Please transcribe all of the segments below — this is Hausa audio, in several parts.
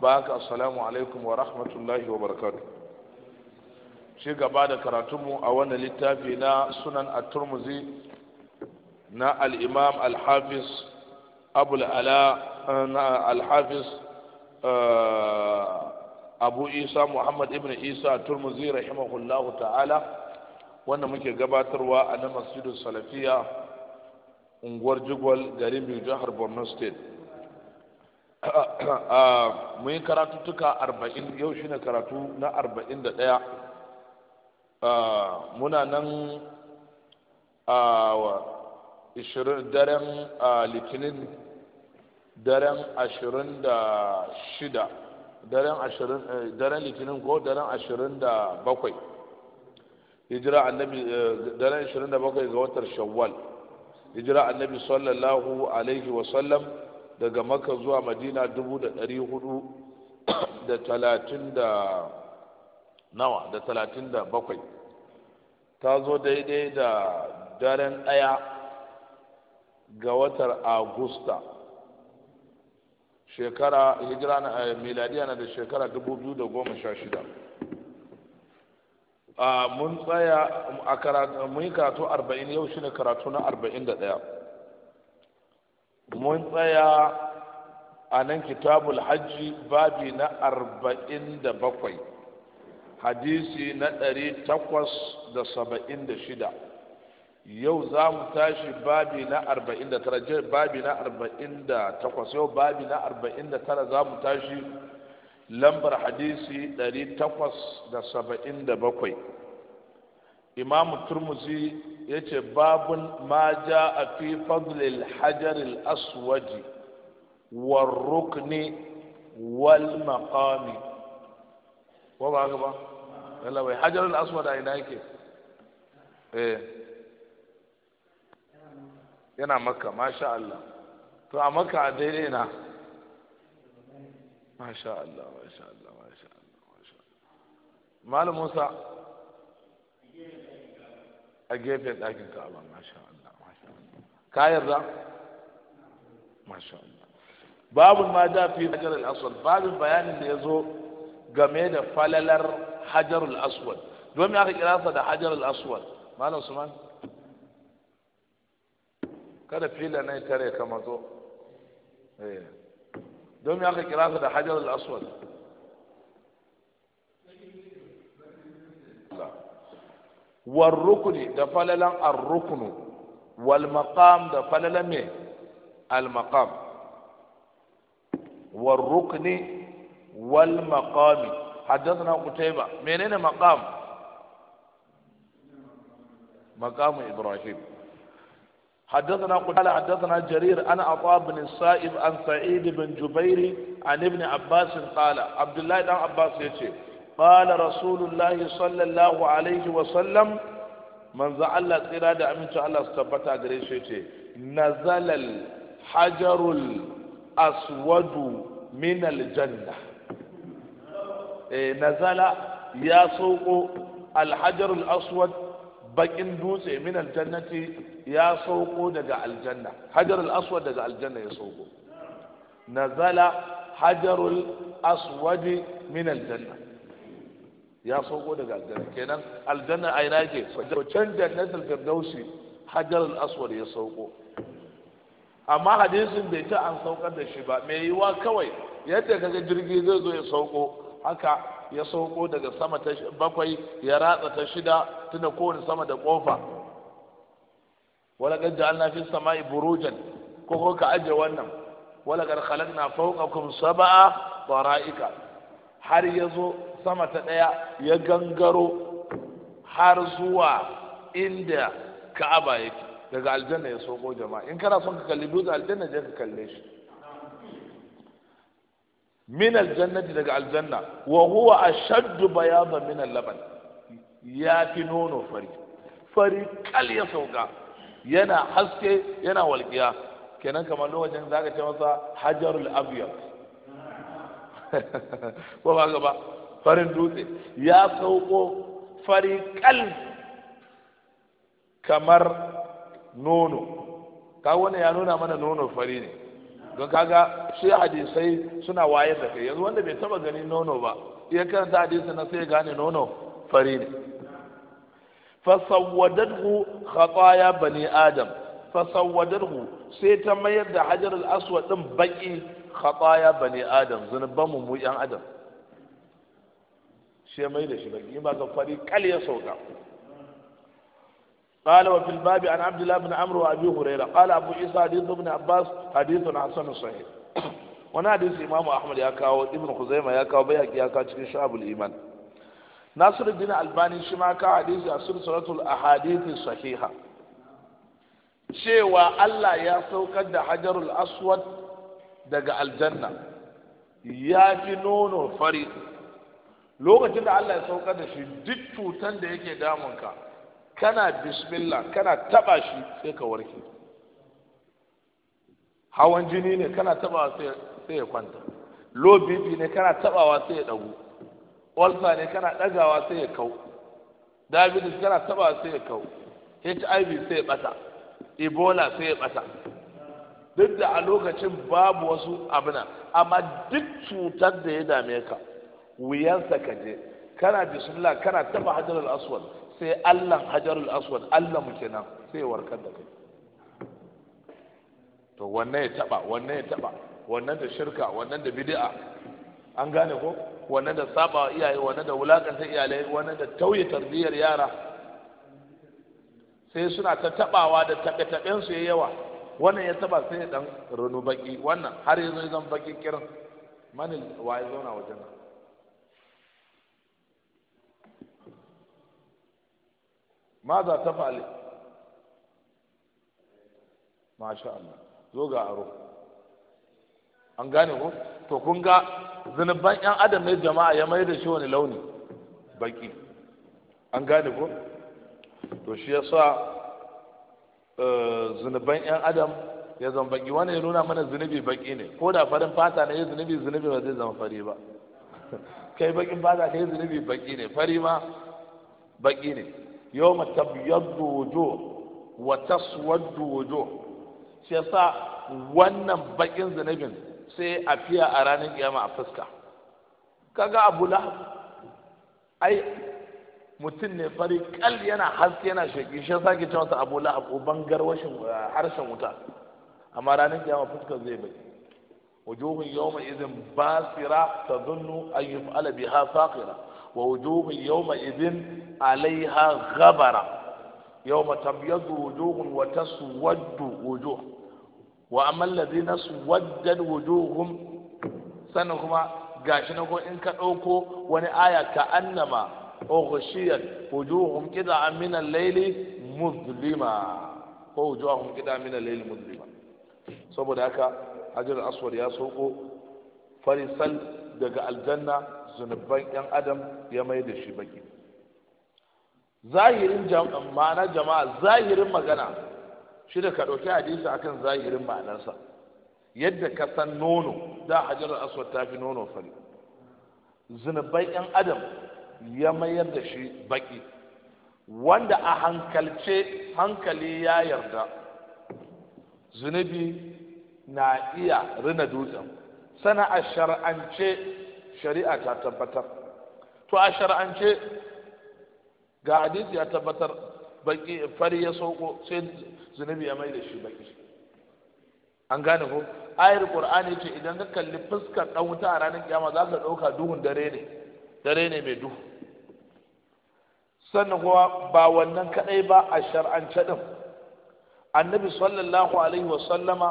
baka haka assalamu alaikum wa rahmatullahi wa barakatuh shi gaba da karatunmu a wannan littafi na sunan at-turmuzi na al-imam al-hafiz abul ala na al-hafiz eh, abu isa muhammad ibn isa turmuzi rahimahullahu ta'ala wanda muke gabatarwa a na masjidin salafiya unguwar jigwal garin biyu jihar borno state Ah, mun yi karatu tuka arba'in yau shine karatu na arba'in da ɗaya ah, muna nan ah, a daren litinin daren ashirin da shida daren ashirin eh, daren litinin ko daren ashirin da bakwai hijira annabi eh, daren ashirin da bakwai ga watar shawwal hijira annabi sallallahu alaihi wasallam daga maka zuwa madina dubu da ɗari hudu da talatin da nawa da talatin da bakwai ta zo daidai da daren ɗaya ga watar agusta shekara hijira na eh, miladiya na da shekara dubu biyu da goma sha shida A ah, mun tsaya a karatu mun yi karatu arba'in yau shi ne karatu na arba'in da ɗaya mun tsaya a nan kitabul hajji babi na arba'in da bakwai hadisi na ɗari takwas da saba'in da shida yau za mu tashi babi na arba'in da tara babi na arba'in da takwas yau babi na arba'in da tara za mu tashi lambar hadisi ɗari takwas da saba'in da bakwai imamu turmuzi yace babun ma ja a fi fadlil hajaril aswaji war rukni wal maqami ko ba ga ba Allah bai hajar al-aswad a ina yake eh yana makka masha Allah to a makka a daidai na masha Allah masha Allah masha Allah masha Allah malam Musa أجيبت أجن الله ما شاء الله ما شاء الله كاير ذا ما شاء الله باب ما جاء في حجر الأسود بعد البيان اللي يزو جميل فللر حجر الأسود دوم يا أخي كلاسة ده حجر الأسود ما له سمان كده في لنا كده كم تو دوم يا أخي كلاسة ده حجر الأسود war rukuni da falalan ar rukunu wal maqam da falalan حدثنا قتيبة من منين مقام مقام إبراهيم حدثنا قتيبة حدثنا جرير أنا أطاب بن السائب عن سعيد بن جبير عن ابن عباس قال عبد الله بن عباس يتشير. قال رسول الله صلى الله عليه وسلم من زعل قرادة أمنت الله استبتع قريشته نزل الحجر الأسود من الجنة إيه، نزل يا سوق الحجر الأسود بقين من الجنة يا سوق دقع الجنة حجر الأسود دقع الجنة يا سوق نزل حجر الأسود من الجنة ya sauko daga aljanna kenan aljanna a ina yake can jannatul firdausi hajar al-aswad ya sauko amma hadisin bai ta an saukar da shi ba mai yiwa kawai yadda kaga jirgi zai zo ya sauko haka ya sauko daga sama ta bakwai ya ratsa ta shida tunda kowane sama da kofa wala qad ja'alna fi samai burujan ko ko ka aje wannan wala qad khalaqna fawqakum sab'a bara'ika har yazo sama ta ɗaya ya gangaro har zuwa inda ka'aba yake daga aljanna ya soko jama'a in kana son ka kalli dutsen aljanna je ka kalle shi min daga aljanna wa huwa ashaddu bayada min al ya fi nono fari fari kal ya sauka yana haske yana walƙiya kenan kamar lokacin zaka ce masa hajarul abyad ko ba ga ba farin dutse ya sauko fari kal kamar nono ka wani ya nuna mana nono fari ne don kaga shi hadisai suna wayar da kai yanzu wanda bai taba ganin nono ba iya karanta hadisi na sai gane nono fari ne fasawwadathu khataya bani adam fasawwadathu sai ta mayar da hajar al-aswad din baki khataya bani adam zunuban mu mu yan adam شيء ما يدش بقي baki in ba ka قال وفي الباب عن عبد الله بن عمرو وابي هريره قال ابو عيسى حديث ابن عباس حديث حسن صحيح وانا حديث امام احمد يا كاو ابن خزيمه يا كاو بها يا كاو cikin شعب الايمان ناصر الدين الباني شما كا حديث hadisi a silsilatul ahadith sahiha cewa Allah ya حجر الاسود hajarul الجنه يا في ya فريق lokacin da Allah ya sauka da shi duk cutan da yake damunka kana bismillah kana taba shi sai ka warke hawan jini ne kana tabawa sai ya kwanta low bp ne kana tabawa sai ya dagu ulcer ne kana dagawa sai ya kau diabetes kana tabawa sai ya kau hiv sai ya bata ebola sai ya bata duk da a lokacin babu wasu abuna amma duk cutar da ya dame ka wuyansa ka je kana bismillah kana taba hajarul aswad sai allan hajarul aswad Allah mu kenan sai warkar da kai to wannan ya taba wannan ya taba wannan da shirka wannan da bid'a an gane ko wannan da saba iyaye wannan da wulakanta iyalai wannan da tauye tarbiyyar yara sai suna ta tabawa da taɓe-taɓen su yayi yawa wannan ya taba sai dan runu baki wannan har yanzu zan baki kiran mani wa ya zauna wajen nan ماذا تفعل ما شاء الله zo ga aro an gane ko to kun ga zunuban yan adam ne jama'a ya mai da shi wani launi baki an gane ko to shi yasa zunuban yan adam ya zama baki wani ya nuna mana zunubi baki ne ko da farin fata ne yi zunubi zunubi ba zai zama fari ba kai bakin fata kai zunubi baki ne fari ma baki ne yawma tabyaddu wujuh wa taswaddu wujuh shi yasa wannan bakin zunubin sai a fiya a ranar kiyama a fuska kaga abu la ai mutum ne fari kal yana haske yana shaki shi yasa ke cewa abu ko bangar garwashin harshen wuta amma ranar kiyama fuska zai baki wujuhun yawma idin basira tadhunnu an yuf'ala biha faqira ووجوه يومئذ عليها غبرة يوم تبيض وجوه وتسود وجوه وأما الذين سودت وجوههم سنهما قاشنا إن كأوكو ونآية كأنما أغشيت وجوههم كذا من الليل مظلمة ووجوههم كذا من الليل مظلمة saboda haka hajjar aswad يا sauko فرسل daga الجنة zunuban yan adam ya mai da shi baki zahirin ma'ana jama'a zahirin magana shi da ka ɗauki hadisi akan zahirin ma'anarsa yadda ka san nono da hajjar aswad ta fi nono fari zunuban yan adam ya mayar da shi baki wanda a hankalce hankali ya yarda zunubi na iya rina dutsen sana a shar'ance shari'a ta tabbatar to a shar'ance ga hadisi ya tabbatar baki fari ya soko sai zunubi ya mai da shi baki an gane ko ayar qur'ani ce idan ka kalli fuskar dan wuta a ranar kiyama za ka dauka duhun dare ne dare ne mai duhu sannan kuwa ba wannan kadai ba a shar'ance din annabi sallallahu alaihi wa sallama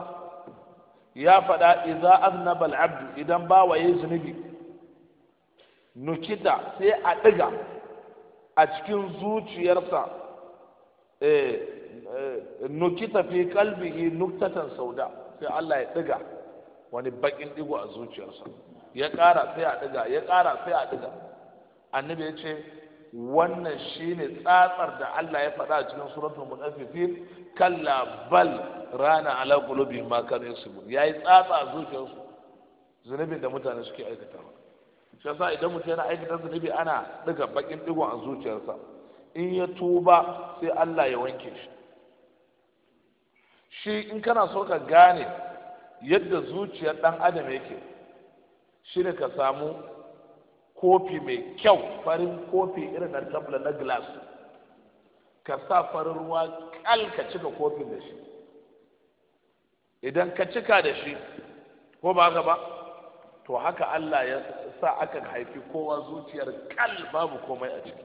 ya faɗa idza aznaba abdu idan ba waye zunubi nukida sai a ɗiga a cikin zuciyarsa eh, eh, nukita fi kalbihi nuktatan sauda sai Allah ya ɗiga wani bakin ɗigo a zuciyarsa ya ƙara sai a ɗiga ya ƙara sai a ɗiga annabi ya ce wannan shine tsatsar da Allah ya faɗa a cikin suratul mudaffifin kalla bal rana ala qulubihim ma kanu yaksubun yayi tsatsa a zuciyarsu zunubin da mutane suke aikatawa shi yasa idan mutum yana aikata zunubi ana daga bakin digon a zuciyarsa in ya tuba sai Allah ya wanke shi shi in kana so ka gane yadda zuciyar dan adam yake shi ne ka samu kofi mai kyau farin kofi irin na tabla na glass ka sa farin ruwa kal ka cika kofin da shi idan ka cika da shi ko ba haka ba to haka Allah ya sa aka haifi kowa zuciyar kal babu komai a ciki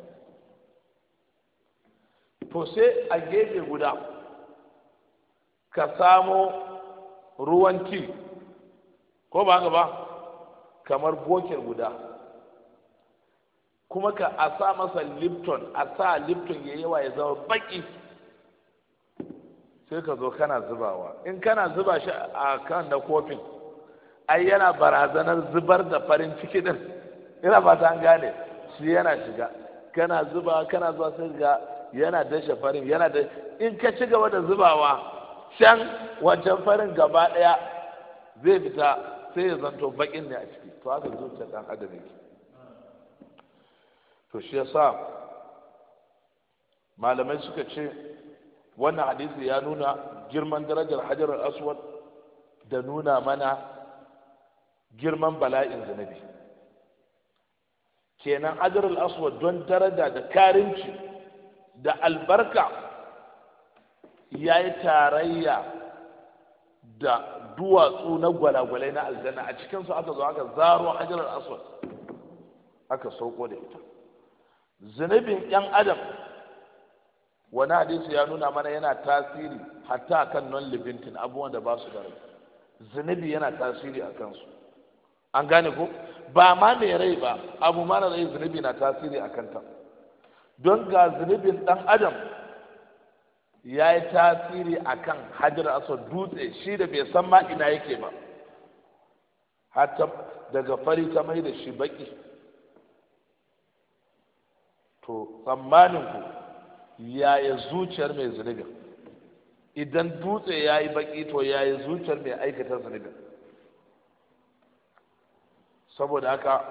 to sai a gefe guda ka samo ruwan ti ko ba haka ba kamar bokir guda kuma ka a sa masa lipton a sa lipton ya yawa ya zama baki sai ka zo kana zubawa in kana zuba shi a kan na kofin ai yana barazanar zubar da farin ciki din ina fata an gane shi yana shiga kana zuba kana zuwa sai ga yana dashe farin yana da in ka ci gaba da zubawa can wancan farin gaba daya zai fita sai ya zanto bakin ne a ciki to haka zuciya dan adam yake to shi yasa malamai suka ce wannan hadisi ya nuna girman darajar hajar aswad da nuna mana girman bala'in zunubi kenan ajarul aswad don daraja da karinci da albarka ya yi tarayya da duwatsu na gwalagwalai na aljanna a cikinsu aka zo aka zaro ajarul aswad aka sauko da ita zunubin yan adam wani hadisi ya nuna mana yana tasiri hatta kan non libintin abubuwan da ba su da rai zunubi yana tasiri a kansu an gane ko ba ma mai rai ba abu mara rai zunubi na tasiri a kanta don ga zunubin dan adam ya yi tasiri a kan hajjar aswad dutse shi da bai san ma ina yake ba hatta daga fari ta mai da shi baki to tsammaninku yi zuciyar mai zunubin idan dutse ya yi baki to ya yi zuciyar mai aikata zunubin saboda haka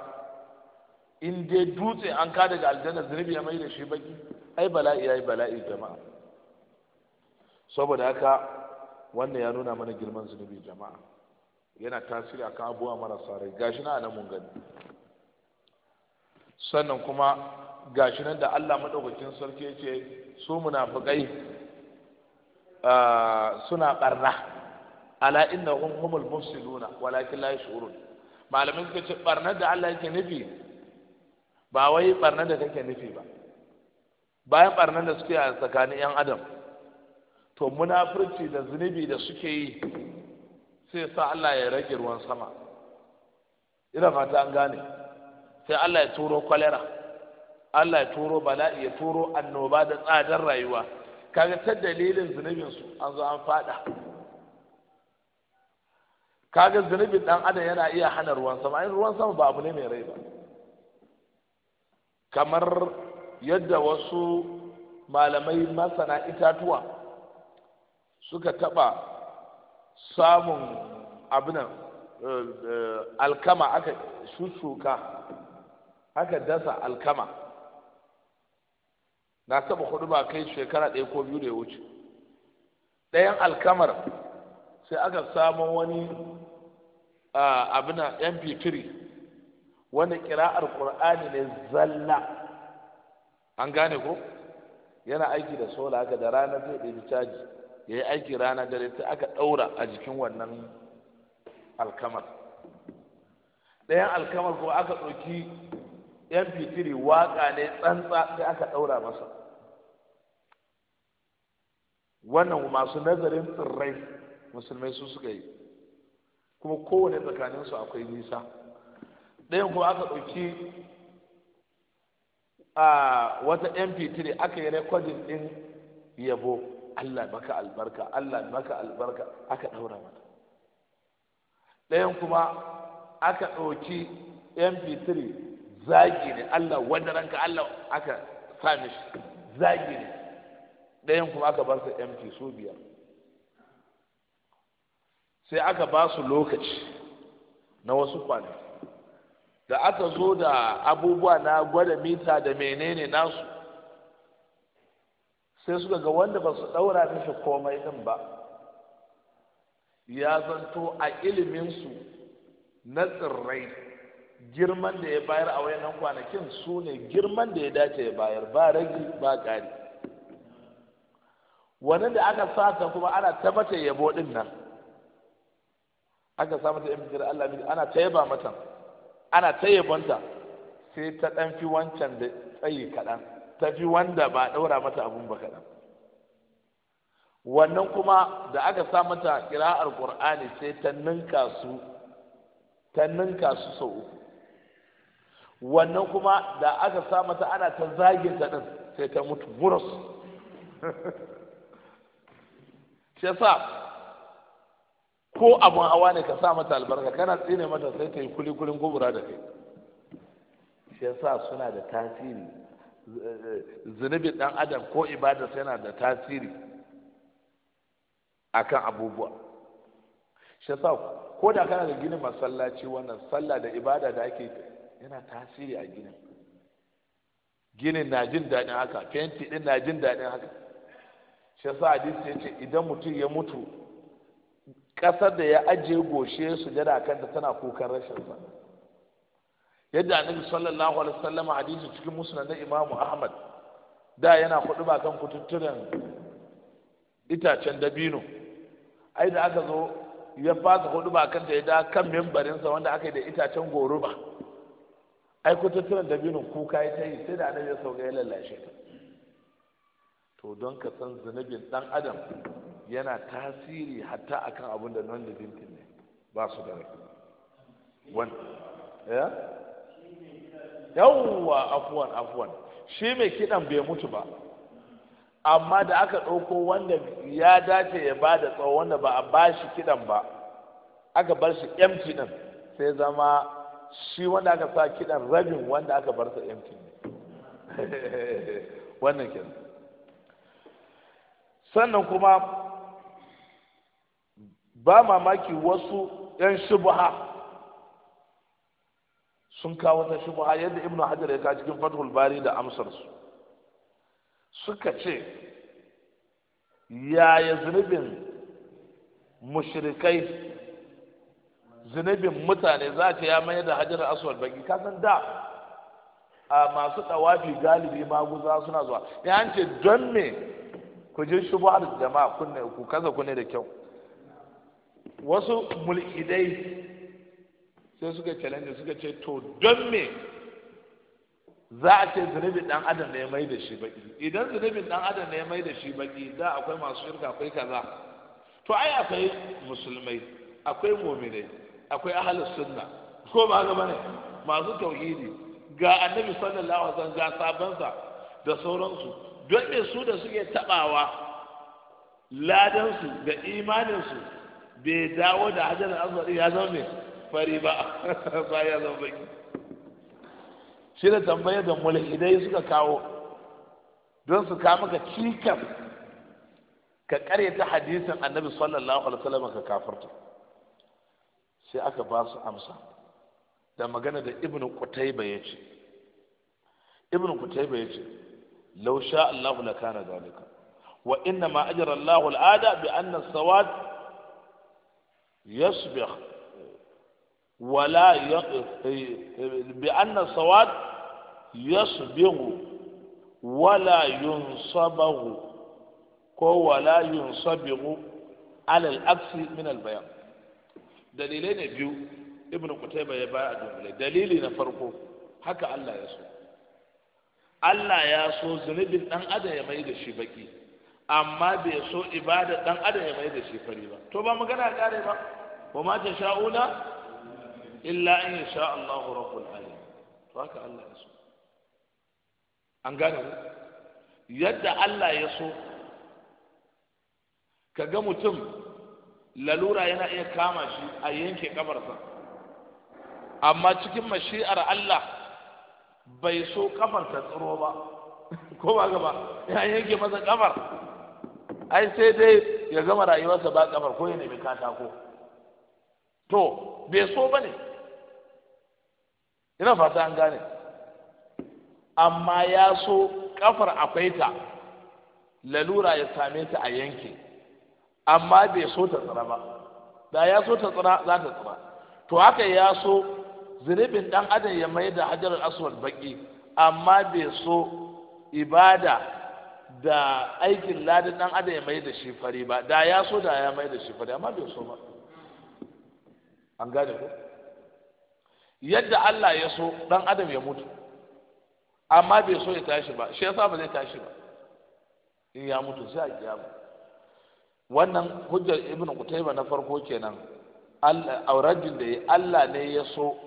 in dai dutse an ka daga aljanna zunubi ya mai da shi baki ai bala'i ai bala'i jama'a saboda haka wannan ya nuna mana girman zunubi jama'a yana tasiri akan abubuwa marasa rai gashi na nan mun gani sannan kuma gashi nan da Allah madaukakin sarki yace su munafiqai ah, suna barna ala innahum humul mufsiduna walakin la yashurun malamai suka ce barnar da Allah yake nufi ba wai barnar da kake nufi ba bayan barnar da suke a tsakanin yan adam to munafurci da zunubi da suke yi sai sa Allah ya rage ruwan sama ina fata an gane sai Allah ya turo kwalera Allah ya turo bala'i ya turo annoba da tsadar rayuwa kaga ta dalilin zunubinsu an zo an fada kaga zunubin dan adam yana iya hana ruwan sama ai ruwan sama ba abu ne mai rai ba kamar yadda wasu malamai masana itatuwa suka taba samun abinan eh, alkama aka shushuka aka dasa alkama na taba hudu ba kai shekara ɗaya ko biyu da ya wuce ɗayan alkamar sai aka samun wani abin mp3 wani kira'ar qur'ani ne zalla an gane ko yana aiki da sola haka da rana zai ɗaya caji ya yi aiki rana dare sai aka ɗaura a jikin wannan alkamar ɗayan alkamar ko aka ɗauki mp3 waƙa ne tsantsa sai aka ɗaura masa wannan masu nazarin tsirrai musulmai su suka yi kuma kowane tsakaninsu akwai nisa ɗayan kuma aka ɗauki a wata mp3 aka yi rekodin ɗin yabo allah maka albarka allah maka albarka aka ɗaura mata ɗayan kuma aka ɗauki mp3 zagi ne allah wanda ranka allah aka mishi, zagi ne ɗayan kuma aka bar sa mp su biyar sai aka ba su lokaci na wasu kwanaki da aka zo da abubuwa na gwada mita da menene nasu sai suka ga wanda ba su ɗaura mishi komai ɗin ba ya zanto a iliminsu na tsirrai girman da ya bayar a wayannan kwanakin su ne girman da ya dace ya bayar ba ragi ba ƙari wani da aka sata kuma ana ta yabo ɗin nan aka samu ta yan bidiyar Allah bidiyar ana ta yaba mata ana ta yabonta sai ta dan fi wancan da tsayi kaɗan ta fi wanda ba ɗaura mata abun ba kaɗan wannan kuma da aka sa mata kira'ar qur'ani sai ta ninka su ta ninka su sau uku wannan kuma da aka sa mata ana ta zage ta din sai ta mutu burus shi yasa ko abun hawa ne ka sa mata albarka kana tsine mata sai ta yi kulikulin kulin da kai shi yasa suna da tasiri zunubi dan adam ko ibada yana da tasiri akan abubuwa shi yasa ko da kana da ginin masallaci wannan sallah da ibada da ake yana tasiri a ginin ginin na jin daɗin haka fenti ɗin na jin daɗin haka shi yasa hadisi ya ce idan mutum ya mutu ƙasar da ya ajiye goshe su jada kan da tana kukan rashin sa yadda annabi sallallahu alaihi wasallam hadisi cikin musnad da Imam Ahmad da yana kudu ba kan kututturen itacen dabino ai da aka zo ya fasa kudu ba kan ya da kan sa wanda aka yi da itacen goruba ai kututturen dabino kuka ya ta yi sai da annabi ya sauka ya lallashe ta to don ka san zunubin dan adam yana tasiri hatta akan abin da nan da bintin ne ba su da rai yawwa afuwan afuwan shi mai kidan bai mutu ba amma da aka ɗauko wanda ya dace ya ba da tsawo wanda ba a ba shi kidan ba aka bar shi empty din sai zama shi wanda aka sa kidan rabin wanda aka bar sa empty ne wannan kenan sannan kuma ba mamaki wasu 'yan shubuha sun kawo wata shubuha yadda ibn hajar ya kawo cikin fathul bari da amsarsu suka ce yaya zunubin mushrikai zunubin mutane za ta ya mayar da hajar aswad baki kasan da a masu ɗawafi galibi maguza suna zuwa ya ce don me ku je da jama'a kunne ku kaza kunne da kyau wasu mulkidai sai suka challenge suka ce to don me za a ce zunubi dan adam ne ya mai da shi baki idan zunubi dan adam ne ya mai da shi baki da akwai masu shirka akwai kaza to ai akwai musulmai akwai mu'minai akwai ahlus sunna ko ba ga bane masu tauhidi ga annabi sallallahu alaihi wasallam ga sabansa da sauransu don me su da suke tabawa ladansu da imaninsu bai dawo da hajjar azwar ya zama mai fari ba ba ya zama baki shi da tambaye da mulhidai suka kawo don su kama maka cikas ka ta hadisin annabi sallallahu alaihi wasallam ka kafarta sai aka ba su amsa da magana da ibnu qutayba yace ibnu qutayba yace لو شاء الله لكان ذلك وإنما أجر الله العادة بأن السواد يصبح ولا ي... بأن السواد يصبغ ولا ينصبغ ولا ينصبغ على العكس من البيان دليلين بيو ابن قتيبة يبقى دليلي نفرقه haka الله ya Allah ya so zunubin ɗan adam ya mai da shi baki amma bai so ibada ɗan adam ya mai da shi fari ba to ba mu gana kare ba ba ma ta sha'una illa in sha Allahu rabbul alamin to haka Allah ya so an gane yadda Allah ya so ka ga mutum lalura yana iya kama shi a yanke kabarsa amma cikin mashi'ar Allah bai so kafar ta tsiro ba ko ba gaba ya yanke masa kafar ai sai dai ya gama rayuwarsa ba kafar ko ya nemi katako to bai so ba ne ina fata an gane amma ya so kafar akwai ta lalura ya same ta a yanke amma bai so ta tsira ba da ya so ta tsira za ta tsira to haka ya so zunubin dan adam ya mai da hajar aswad baki amma bai so ibada da aikin ladin dan adam ya mai da shi fari ba da ya so da ya mai da shi fari amma bai so ba an gane ko yadda Allah ya so dan adam ya mutu amma bai so ya tashi ba shi yasa ba zai tashi ba in ya mutu sai a kiyama wannan hujjar ibn qutayba na farko kenan Allah aurajin da Allah ne ya so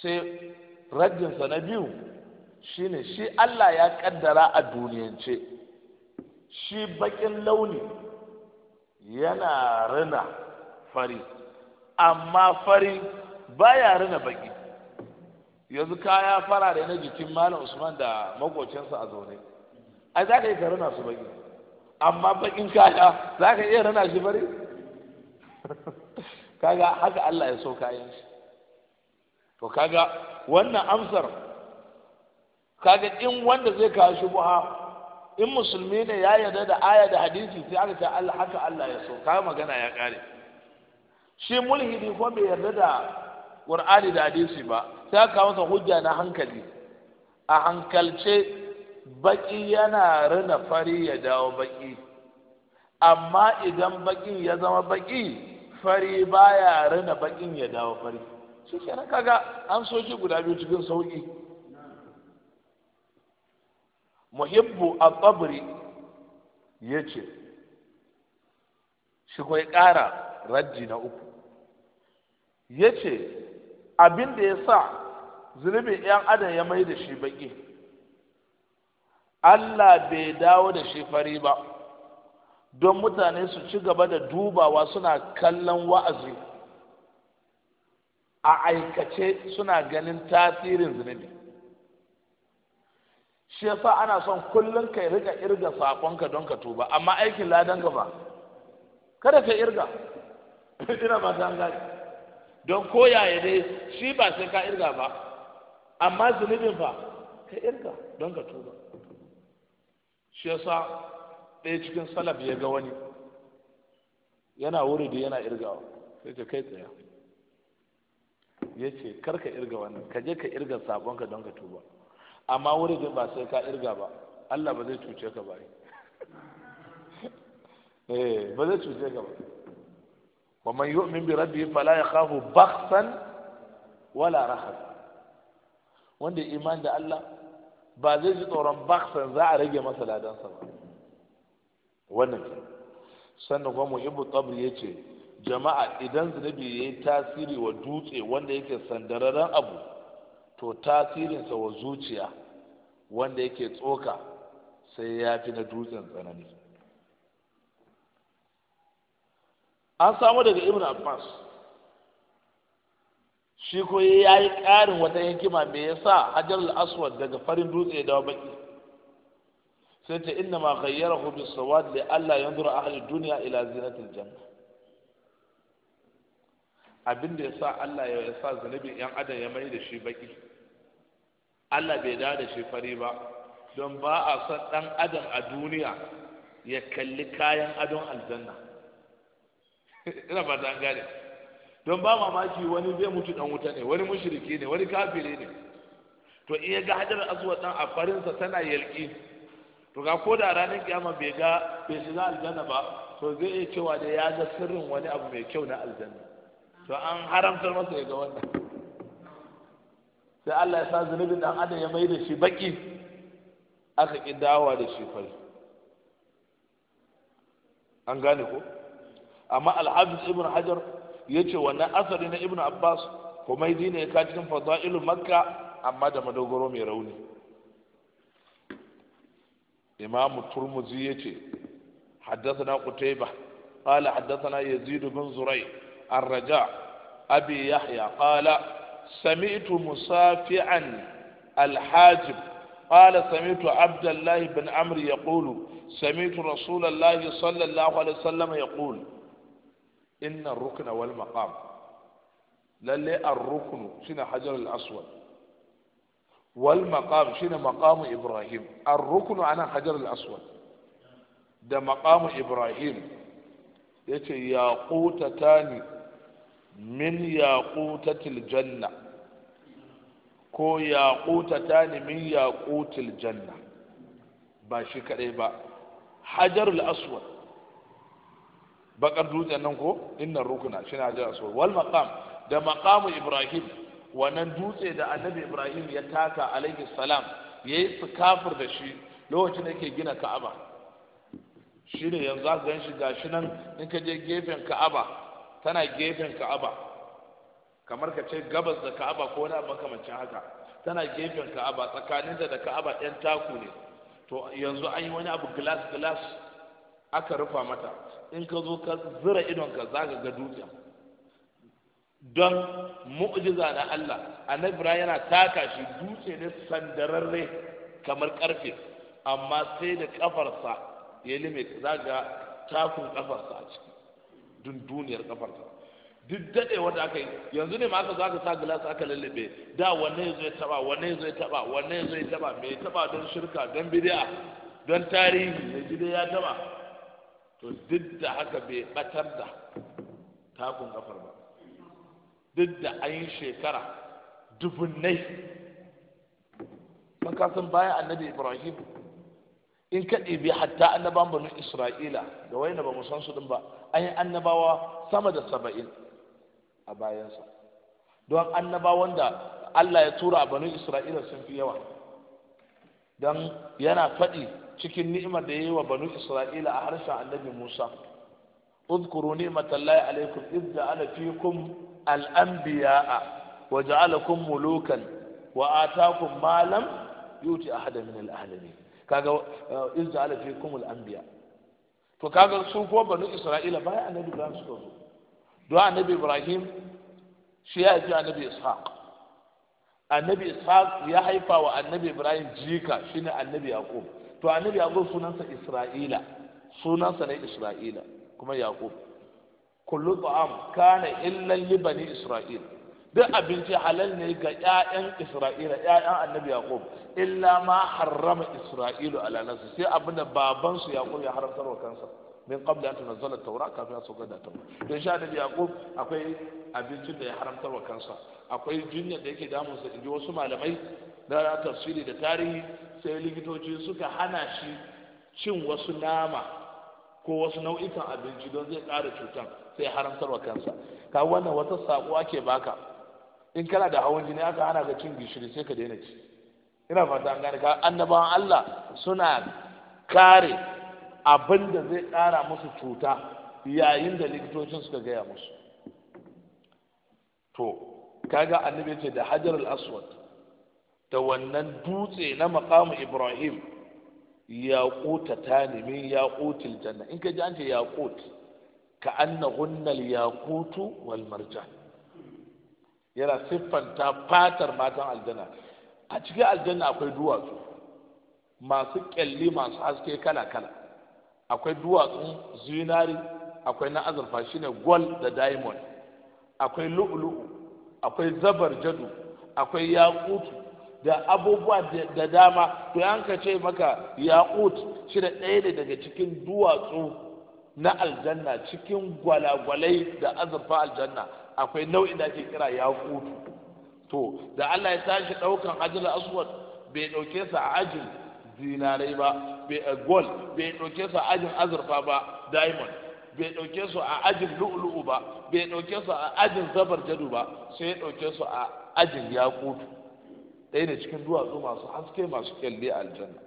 sai rajinsa na biyu shine shi Allah ya kaddara a duniyance shi bakin launi yana rina fari amma fari baya rina baki yanzu kaya fara da na jikin malam usman da makocinsa a zaune ai za ka yi ka rina su baki amma bakin kaya za ka iya rina shi fari kaga haka Allah ya so kayan shi to kaga wannan amsar kaga in wanda zai kawo shubuha in musulmi ne ya yarda da aya da hadisi sai aka ce Allah haka Allah ya so kaga magana ya kare shi mulhidi ko bai yarda da qur'ani da hadisi ba sai aka kawo masa hujja na hankali a hankalce baki yana rina fari ya dawo baki amma idan bakin ya zama baki fari baya rina bakin ya dawo fari shi kenan kaga an soki guda biyu cikin sauki muhibbu at ya yace shi ko ya ƙara rajji na uku yace abin da ya sa zunubin yan adam ya mai da shi baki Allah bai dawo da shi fari ba don mutane su ci gaba da dubawa suna kallon wa'azi a aikace suna ganin tasirin zunubi shi yasa ana son kullum ka riƙa irga sakonka don ka tuba amma aikin ladan ka ba kada ka irga ina ba ta gani don koyaye dai shi ba sai ka irga ba amma zunubin fa ka irga don ka tuba shi yasa ɗaya cikin salaf ya ga wani yana wuri da yana irgawa sai ta kai tsaye. ya ce karka irga wannan ka je ka irga sabonka don ka tuba amma wurin ba sai ka irga ba Allah ba zai cuce ka ba eh ba zai cuce ka ba wa man yu'min bi rabbihi fala yakhafu bakhsan wala rahas wanda iman da Allah ba zai ji tsoron bakhsan za a rage masa ladansa ba wannan sannan kuma mu ibu tabri yace jama'a idan zunubi ya yi tasiri wa dutse wanda yake sandararren abu to tasirinsa wa zuciya wanda yake tsoka sai ya fi na dutsen tsanani an samu daga ibn abbas shi ko ya yi ƙarin wata hikima me ya sa hajar al-aswad daga farin dutse da baki sai ta inna ma ghayyarahu bis sawad li alla yanzura ahli dunya ila zinatil janna abin da ya sa Allah ya sa zunubin yan adam ya mai da shi baki Allah bai da da shi fari ba don ba a son ɗan adam a duniya ya kalli kayan adon aljanna ina ba ta gane don ba mamaki wani zai mutu ɗan wuta ne wani mushriki ne wani kafiri ne to iya ga hajar aswad ɗan a farinsa tana yalki to ga ko da ranar kiyama bai ga bai shiga aljanna ba to zai iya cewa da ya ga sirrin wani abu mai kyau na aljanna to an haramtar masa ya ga wannan sai Allah ya sa zunubin dan adam ya mai da shi baki aka ki dawa da shi fari an gane ko amma al-hafiz ibn hajar yace wannan asari na ibn abbas humaydi ne ka cikin fadailu makka amma da madogoro mai rauni imamu turmuzi yace حدثنا قتيبة قال حدثنا يزيد بن زريع الرجاء أبي يحيى قال سمعت مصافعا الحاجب قال سمعت عبد الله بن عمرو يقول سمعت رسول الله صلى الله عليه وسلم يقول إن الركن والمقام للي الركن شنو حجر الأسود والمقام شنو مقام إبراهيم الركن أنا حجر الأسود ده مقام إبراهيم yace يا قوتتاني min yaqutatil janna ko yaqutata ne min yaqutil janna ba shi kadai ba hajarul aswad bakar dutsen nan ko Inna rukuna shi na hajarul aswad wal maqam da maqamu ibrahim wannan dutse da annabi ibrahim ya taka alaihi salam yayi kafir da shi lokacin da yake gina ka'aba shi ne yanzu za ka gan shi gashi nan in ka je gefen ka'aba tana gefen ka'aba kamar ka ce gabas da ka'aba ko wani makamancin haka tana gefen ka'aba tsakaninta da ka'aba ɗan taku ne to yanzu an yi wani abu glass glass aka rufa mata in ka zo ka zira idonka za ka ga dutsen don mu'jiza na Allah annabi ra yana taka shi dutse ne sandararre kamar karfe amma sai da kafarsa ya lime za takun kafarsa a ciki Dun kafar kafarta duk dade wanda aka yi yanzu ne ma aka zo aka sa glass aka lallabe da wanne zai taba wanne zai taba wanne zai taba me taba don shirka don bid'a don tarihi ne ji ya taba to duk da haka bai batar da takun kafar ba duk da an yi shekara dubunnai ban kasan bayan annabi ibrahim in ka ɗebi hatta annabawan banu isra'ila da wayanda ba mu san su ɗin ba an yi annabawa sama da saba'in a bayansa don annabawan da allah ya tura a banu isra'ila sun fi yawa don yana faɗi cikin ni'imar da ya yi wa banu isra'ila a harshen annabi musa اذكروا نعمة الله عليكم إذ جعل فيكم الأنبياء وجعلكم ملوكا وآتاكم ما لم يؤت أحدا من العالمين kaga eh, izza ala fi kumul anbiya to kaga su ko banu isra'ila baya annabi ibrahim suka zo Do annabi ibrahim shi ya ji annabi ishaq annabi ishaq ya haifa wa annabi ibrahim jika shine annabi yaqub to annabi yaqub sunansa isra'ila sunansa ne isra'ila kuma yaqub kullu ta'am kana illa li bani isra'ila duk abinci halal ne ga 'ya'yan isra'ila 'ya'yan annabi yaqub illa ma harrama isra'ilu ala nasu sai abinda su yaqub ya haramtar wa kansa min qabla an tunzala taura kafin su gada taura don sha annabi yaqub akwai abincin da ya haramtar wa kansa akwai jinya da yake damun sa inji wasu malamai da tafsiri da tarihi sai likitoci suka hana shi cin wasu nama ko wasu nau'ikan abinci don zai ƙara cutan sai haramtar wa kansa ka wannan wata sako ake baka in kana da hawan jini aka hana ga cin gishiri sai ka daina ci ina fata an gane ka annabawan Allah suna kare abin da zai ƙara musu cuta yayin da likitocin suka gaya musu to kaga annabi ce da hajar al-aswad da wannan dutse na maqamu ibrahim ta ne min yaqutil janna in ka ji an ce yaqut ka annahunnal yaqutu wal marjan yana siffanta fatar matan aljanna a cikin aljanna akwai duwatsu masu kyalli masu haske kala-kala akwai duwatsun zinari akwai na azurfa shine gwal da diamond akwai lu'ulu'u akwai zabar jadu akwai yakutu da abubuwa da dama to an ka ce maka yakut shi ɗaya ne daga cikin duwatsu na aljanna cikin gwalagwalai da azurfa aljanna akwai nau'in da ake kira ya kutu to da Allah ya tashi daukan ajil aswad bai dauke sa ajil zinarai ba bai gold bai dauke sa ajil azurfa ba diamond bai dauke su a ajin lu'lu'u ba bai dauke su a ajin jadu ba sai ya dauke su a ajin yakutu ɗaya ne cikin duwatsu masu haske masu kyalle aljanna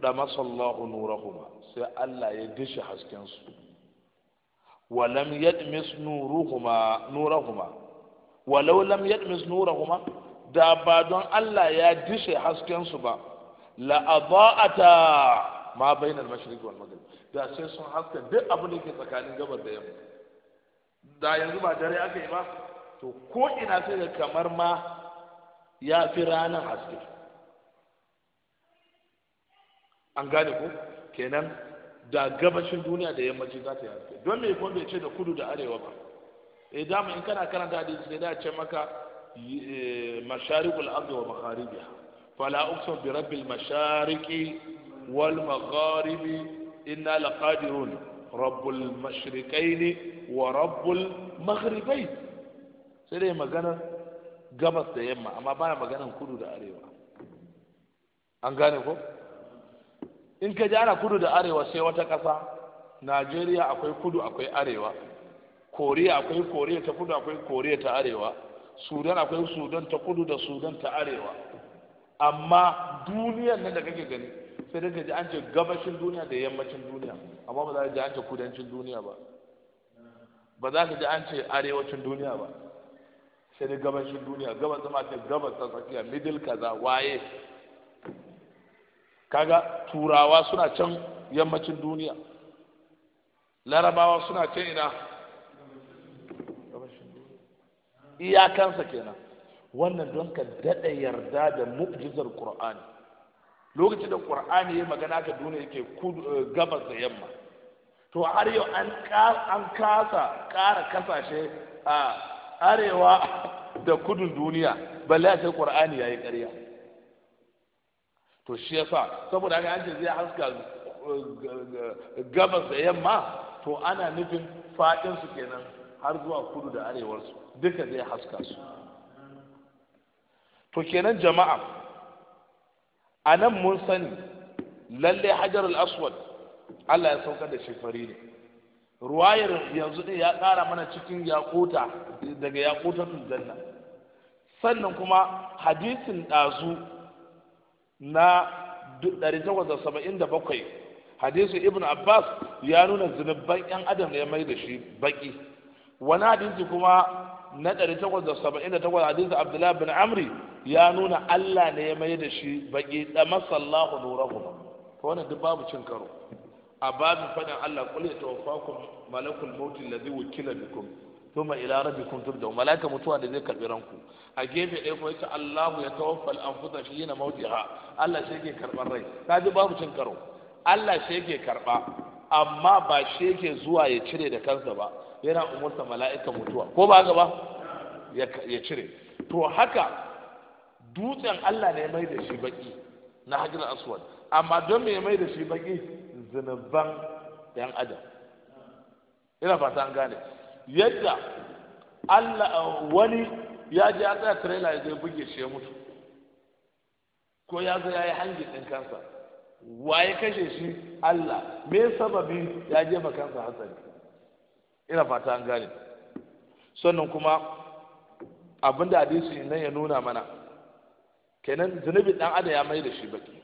da masallahu nurahuma sai Allah ya dishi hasken su ولم يدمس نورهما نورهما ولو لم يدمس نورهما da ba don Allah ya dishe haskensu ba la adha'ata ma bainal mashriq wal maghrib da sai sun haska duk abin da ke tsakanin gabar da yamma da yanzu ba dare aka yi ba to ko ina sai da kamar ma ya fi ranar haske an gane ko da gabashin duniya da yammaci za ta haske don me kuma bai ce da kudu da arewa ba e dama in kana karanta da ne da ce maka eh, masharikul ardi wa magharibiha fala uqsimu bi rabbil mashariqi wal magharibi inna laqadirun rabbul mashriqaini wa rabbul maghribain sai dai magana gabas da yamma amma baya maganar kudu da arewa an gane ko in ka ji ana kudu da arewa sai wata ƙasa najeriya akwai kudu akwai arewa koriya akwai koriya ta kudu akwai koriya ta arewa sudan akwai sudan ta kudu da sudan ta arewa amma duniyar nan da kake gani sai da ji an ce gabashin duniya da yammacin duniya amma ba za ka ji an ce kudancin duniya ba ba za ka ji an ce arewacin duniya ba sai da gabashin duniya gabas zama ce gabas ta tsakiya middle kaza waye kaga turawa suna can yammacin duniya larabawa suna can ina iyakansa kenan wannan don ka daɗa yarda da mu'jizar ƙur'ani lokacin da ƙur'ani ya magana ka duniya yake eh, gabas da yamma to har yau an kasa ƙara kasashe a arewa da kudun duniya balle a ce ya yi ƙarya to shi yasa saboda haka yanke zai haska gabas da yamma to ana nufin faɗin su kenan har zuwa kudu da arewarsu duka zai haska su to kenan jama'a a nan mun sani lalle hajar al-aswad Allah ya sauka da shi fari ne ruwayar yanzu ɗin ya ƙara mana cikin yakuta daga yakuta janna sannan kuma hadisin ɗazu na 877 Hadisu ibn abbas ya nuna zunuban yan adam ne ya mai da shi baki wani hadisi kuma na 878 Hadisu abdullahi bin amri ya nuna allah ne ya mai da shi baki da masallahu nurahu ta wani duk babu cin karo a babin faɗin allah ta wafakun malakul mauti alladhi wukila bikin. thumma ila rabbikum turja'un malaika mutuwa da zai karbi ranku a gefe ɗaya kuma yace Allahu ya tawaffal anfusa hina mautiha Allah shi yake karban rai kaji babu cin karo Allah shi yake karba amma ba shi yake zuwa ya cire da kansa ba yana umurta mala'ika mutuwa ko ba haka ba ya cire to haka dutsen Allah ne mai da shi baki na hajjar aswad amma don me mai da shi baki zinuban yan adam ina fata an gane yadda Allah wani ya ji ya tsaya tirela ya zai buge shi ya mutu ko ya zai ya yi hangi ɗin kansa waye kashe shi Allah me sababi ya jefa kansa hatsari ina fata an gane sannan kuma abinda hadisi nan ya nuna mana kenan zunubi dan adam ya mai da shi baki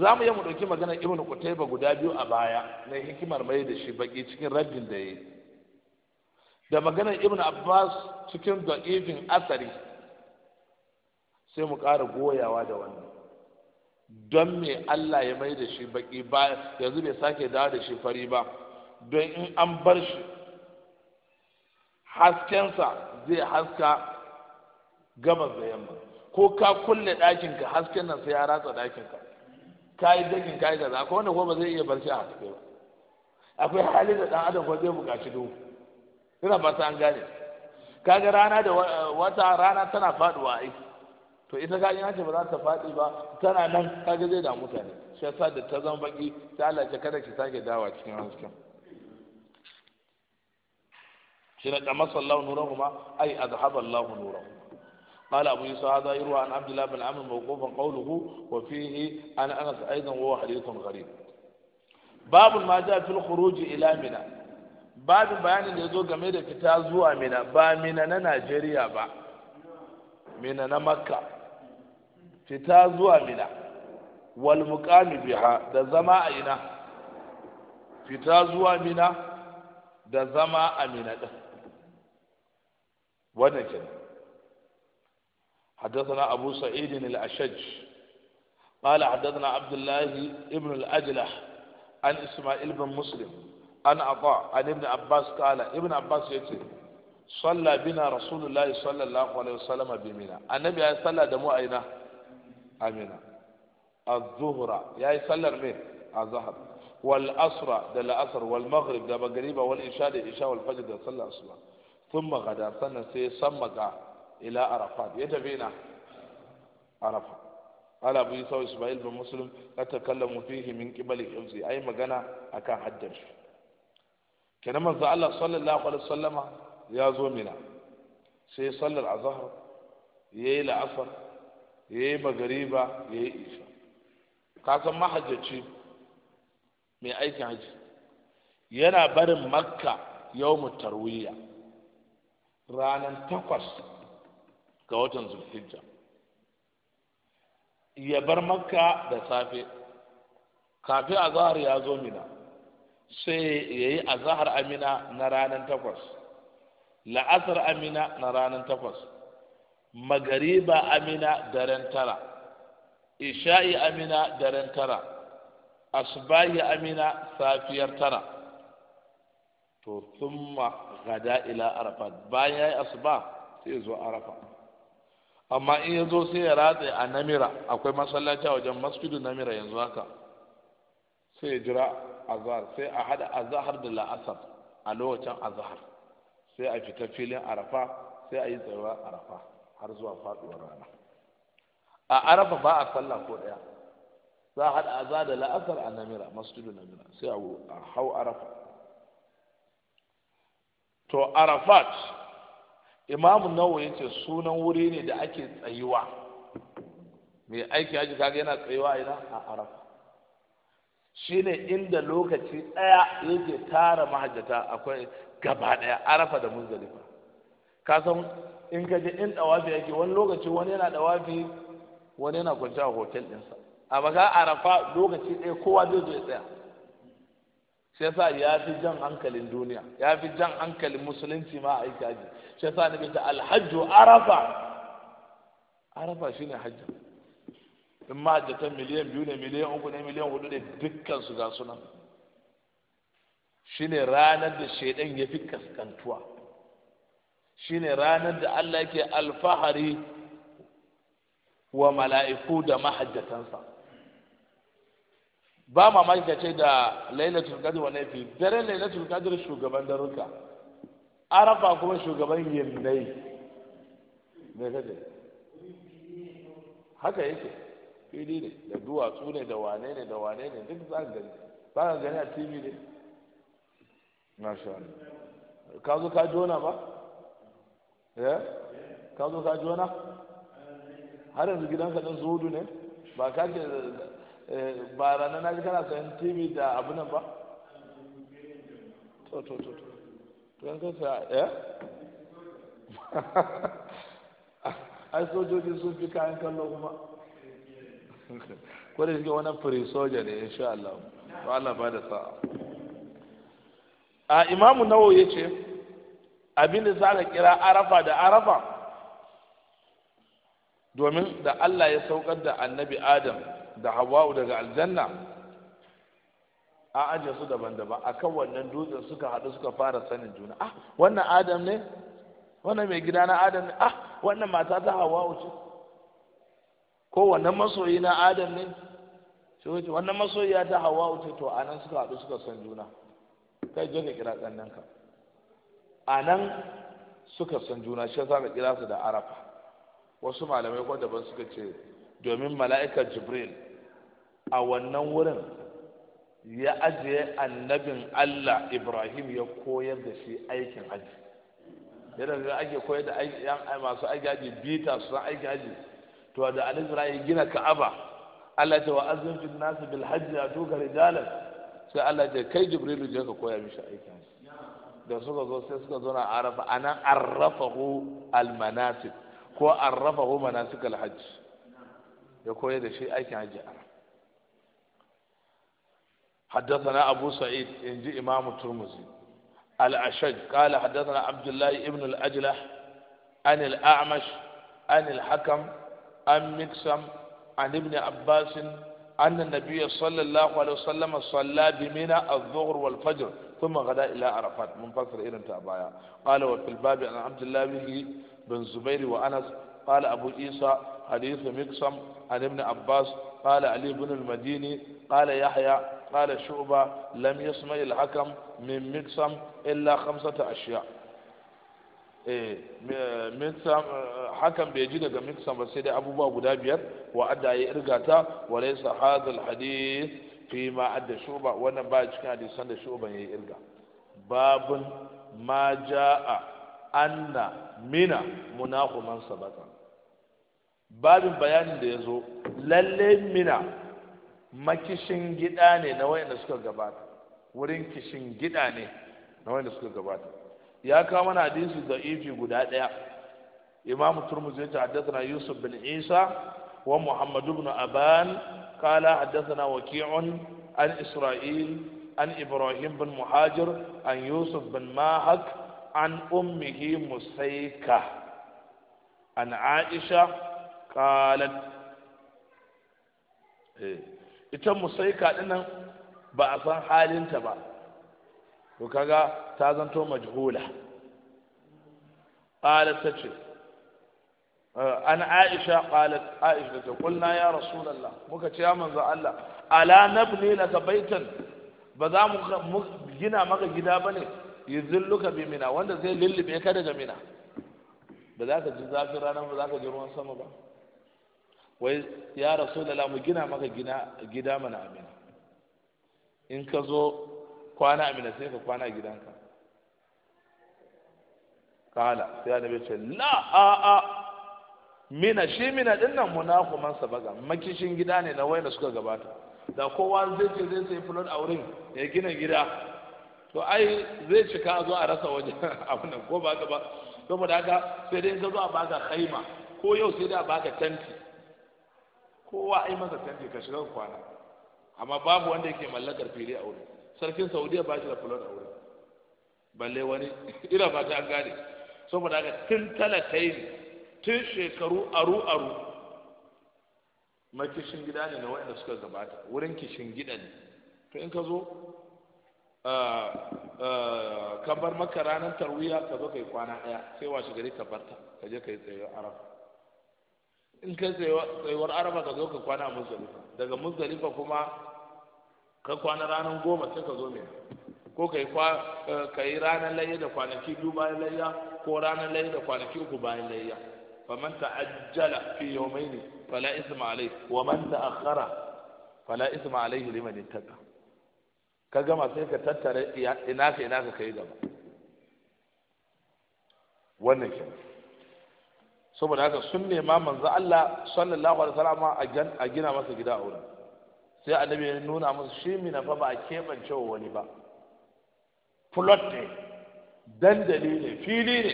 za mu yi mu ɗauki maganar ibn kutaiba guda biyu a baya na hikimar mai da shi baki cikin rabin da ya yi da maganar ibn abbas cikin da'ifin asari sai mu ƙara goyawa da wannan don me allah ya mai da shi baki ba yanzu bai sake dawo da shi fari ba don in an bar shi haskensa zai haska gabas da yamma ko ka kulle ɗakinka hasken nan sai ya ratsa ɗakinka ka yi dagin ka yi gaza akwai wanda kuma ba zai iya barci a haske ba akwai hali da ɗan adam ko zai buƙaci duhu ina fata an gane kaga rana da eh, wata rana tana faduwa ai to ita ga yana ce ba za ta fadi ba tana nan kaga zai da mutane shi yasa da ta zama baki ta Allah ta kada ki sake dawa cikin hasken shi na kama sallahu ma ai azhaba Allahu nurahuma قال أبو يوسف هذا يروى عن عبد الله بن عمرو موقوفا قوله وفيه عن أنس أيضا وهو حديث غريب باب ما جاء في الخروج إلى منى babin bayanin da ya zo game da fita zuwa mina ba mina na najeriya ba mina na makka fita zuwa mina wal muqami biha da zama a ina fita zuwa mina da zama a mina din wannan kenan حدثنا أبو سعيد الأشج قال حدثنا عبد الله ابن الأجلح عن إسماعيل بن مسلم an afa an ibn abbas kala ibn abbas ya ce salla bina rasulullahi sallallahu alaihi wasallam bi mina annabi ya salla da mu aina amina az-zuhra ya yi sallar me azhar wal asra da la asr wal maghrib da magriba wal isha da isha wal fajr da sallar asuba thumma ghada sannan sai sammaka ila arafat ya tafi na arafa قال أبو يسوع إسماعيل بن مسلم لا تكلموا فيه من قبل حفظي أي مجانا أكا حدش kenan manzo Allah sallallahu alaihi wasallama ya zo mina sai sallar azhar yayi la'asar yayi magariba yayi isha ka san mahajjaci mai aikin haji yana barin makka yawmut tarwiya ranar takwas ga watan zulhijja ya bar makka da safe kafin azhar ya zo mina sai ya yi azahar amina na ranar takwas la'asar amina na ranar takwas magariba amina daren tara isha'i amina daren tara asubahi amina safiyar tara to thumma gada ila arafat bayan ya yi asuba sai zo arafa amma in ya zo sai ya ratse a namira akwai masallaci a wajen masjidu namira yanzu haka sai ya jira azhar sai a hada azhar da la'asar a lokacin azhar sai a fita filin arafa sai a yi tsayuwa arafa har zuwa faduwar rana a arafa ba a sallah ko daya za a hada azhar da la'asar a namira masjidu namira sai a hau arafa to arafat imamu nawa yace sunan wuri ne da ake tsayuwa mai aiki haji kaga yana tsayuwa ina a arafa Shi ne inda lokaci ɗaya yake tara mahajjata akwai gaba ɗaya arafa da munzalifa ka san in ka je in ɗawafi yake wani lokaci wani yana ɗawafi, wani yana kwanci a hotel ɗinsa a baka arafa lokaci ɗaya kowa zai zo tsaya shi yasa ya fi jan hankalin duniya ya fi jan hankalin musulunci ma a yi kaji shi yasa na bisa alhajju arafa arafa shine hajji in mahajjatan miliyan biyu ne miliyan uku ne miliyan hudu ne dukkan su ga sunan shine ranar da shaidan ya fi kaskantuwa shine ranar da Allah yake alfahari wa mala'iku da mahajjatansa ba mamaki ka ce da lailatul qadr wa nafi dare lailatul qadr shugaban daruka arafa kuma shugaban yinnai me kace haka yake fili ne da duwatsu ne da wane ne da wane ne duk za gani ba ka gani a tv ne masha ka zo ka jona ba Ya. Eh? ka zo ka jona har yanzu gidanka ɗin zuhudu ne ba ka ce eh, ba ranar na ji kana sayan tv da abu nan ba to to to to to yanka sa ya eh? ai sojoji sun fi kayan kallo kuma ko da shi wani free soja ne insha Allah ba Allah ba da sa'a a imamu nawo ya ce abin da za ka kira arafa da arafa domin da Allah ya saukar da annabi adam da hawa'u daga aljanna a ajiye su daban-daban a kan wannan dutsen suka haɗu suka fara sanin juna ah wannan adam ne wannan mai gida na adam ne ah wannan mata ta hawa'u ce ko wannan masoyi na adam ne shi wace wannan masoyi ya ta hawa wuce to a nan suka haɗu suka san juna kai je ka kira ƙannan ka a nan suka san juna shi za ka kira su da arafa wasu malamai ko daban suka ce domin mala'ika jibril a wannan wurin ya ajiye annabin allah ibrahim ya koyar da shi aikin hajji yadda ake koyar da masu aiki hajji bita su aiki hajji to da alif ya gina ka'aba Allah ta wa azin fil nas bil hajj atuka rijalan sai Allah ta kai jibrilu je ka koya mishi aiki. da suka zo sai suka zo na arafa anan arrafahu al manasik ko arrafahu manasik al hajj ya koya da shi aikin hajji حدثنا أبو سعيد إنجي إمام الترمذي الأشج قال حدثنا عبد الله ابن الأجلح عن الأعمش عن الحكم عن مكسم عن ابن عباس أن النبي صلى الله عليه وسلم صلى بمنى الظهر والفجر ثم غدا إلى عرفات منفصل إلى تابعها قال وفي الباب عن عبد الله بن زبير وأنس قال أبو عيسى حديث مقسم عن ابن عباس قال علي بن المديني قال يحيى قال شعبة لم يسمع الحكم من مقسم إلا خمسة أشياء Eh, eh, hakan bai ji daga mixan ba sai dai abubuwa guda biyar wa adda ya irgata wa laysa hadhal hadith fi ma adda shuba wannan ba cikin hadisan da shuban ya irga babun ma jaa anna mina munahu man sabata babin bayanin da yazo lalle mina makishin gida ne na wayanda suka gabata wurin kishin gida ne na wayanda suka gabata ya kawo mana hadisi da ifi guda ɗaya imamu turmuzi ya ce haddathana yusuf bin isa wa muhammadu bin aban kala haddathana waki'un an isra'il an ibrahim bin muhajir an yusuf bin mahak an ummihi musaika an aisha kalat eh, ita musaika dinnan ba a san halinta ba ko kaga ta zanto majhula qala tace eh, an aisha qalat aisha ta kulna ya rasulullah muka ce ya manzo Allah ala nabni laka baitan ba za mu gina maka gida bane yuzilluka bi mina wanda zai lullube ka daga mina ba za ka ji zafin rana ba za ka ji ruwan sama ba wai ya rasulullah mu gina maka gida mana amina in ka zo kwana a mina sai ka kwana a gidanka kala sai annabi ce la a a mina shi mina din nan munafu man sabaga makishin gida ne na wayna suka gabata da kowa zai ce zai sai fulon a wurin ya gina gida to ai zai cika zo a rasa waje abin nan ko ba ka ba saboda haka sai dai ka zo a baka khaima ko yau sai dai a baka tanti kowa ai masa tanti ka shiga kwana amma babu wanda yake mallakar fili a wurin sarkin saudiya ba shi da fulon a wuri balle wani ina ba ta an gane saboda haka tun talata yi tun shekaru aru aru makishin gida ne na waɗanda suka gabata wurin kishin gida ne to in ka zo ka bar maka ranar tarwiya ka zo ka yi kwana ɗaya sai washe gari ka barta ka je ka yi tsayuwar araba in ka tsayuwar araba ka zo ka kwana a muzdalifa daga musdalifa kuma ka kwana ranar goma sai ka zo mai ko ka yi ranar layya da kwanaki biyu bayan layya ko ranar layya da kwanaki uku bayan layya faman ta'ajjala fi yawmayn la isma alayhi wa man ta'akhkhara la isma alayhi liman ittaqa ka gama sai ka tattare ina ka ina ka kai gaba wannan ke saboda haka sun nema manzo Allah sallallahu alaihi wasallam a gina masa gida a wurin sai annabi ya nuna musu shi mina fa ba a keɓance wa wani ba plot ne dandali ne fili ne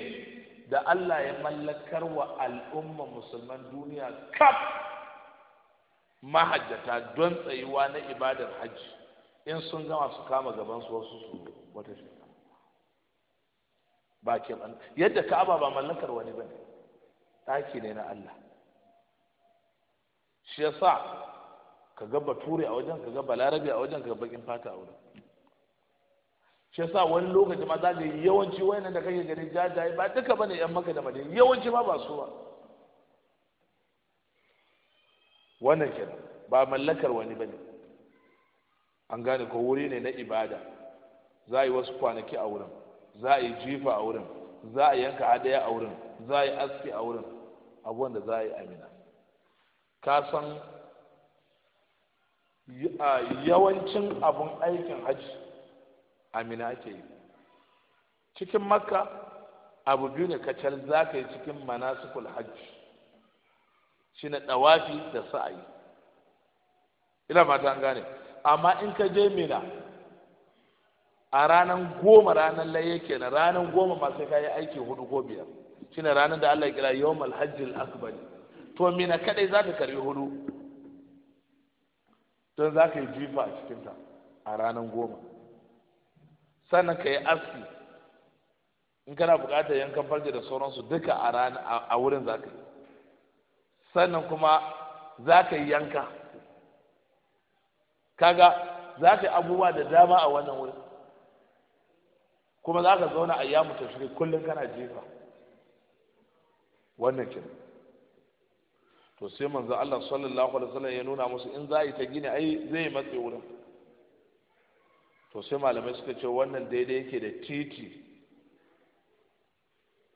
da Allah ya mallakar wa al'umma musulman duniya kaf mahajjata don tsayuwa na ibadar hajji in sun gama su kama gaban su wasu su wata shi. ba ke yadda ka'aba ba mallakar wani ba ne ɗaki ne na Allah shi yasa ka ga bature a wajen ka ga balarabe a wajen ka ga bakin fata a wurin shi yasa wani lokaci ma za ka yi yawanci wani da kake gani jajaye ba duka bane yan maka da madina yawanci ma ba su ba wannan kenan ba mallakar wani bane an gane ko wuri ne na ibada za a yi wasu kwanaki a wurin za a yi jifa a wurin za a yanka adaya a wurin za a yi aski a wurin abuwan da za a yi amina ka san yawancin abun aikin hajji a mina ake yi cikin makka abu biyu ne kacal za ka yi cikin manasikul hajji shi na ɗawafi da sa'ayi ina mata an gane amma in ka je mina a ranar goma ranar laye kenan ranar goma masu kayi aiki hudu ko biyar shi ranar da Allah ya kira yawmal hajjil akbar to mina kadai za ka karbi hudu don za ka yi jifa a cikinta a ranar goma sannan ka yi aski in kana buƙatar yankan farce da sauransu duka a wurin za ka yi sannan kuma za ka yi yanka kaga za ka yi abubuwa da dama a wannan wurin kuma za ka zauna a yamu tashiri kullum kana jefa wannan kenan to sai manzo Allah sallallahu alaihi wasallam ya nuna musu in za a yi ta gini ai zai matse wurin to sai malamai suka ce wannan daidai yake da titi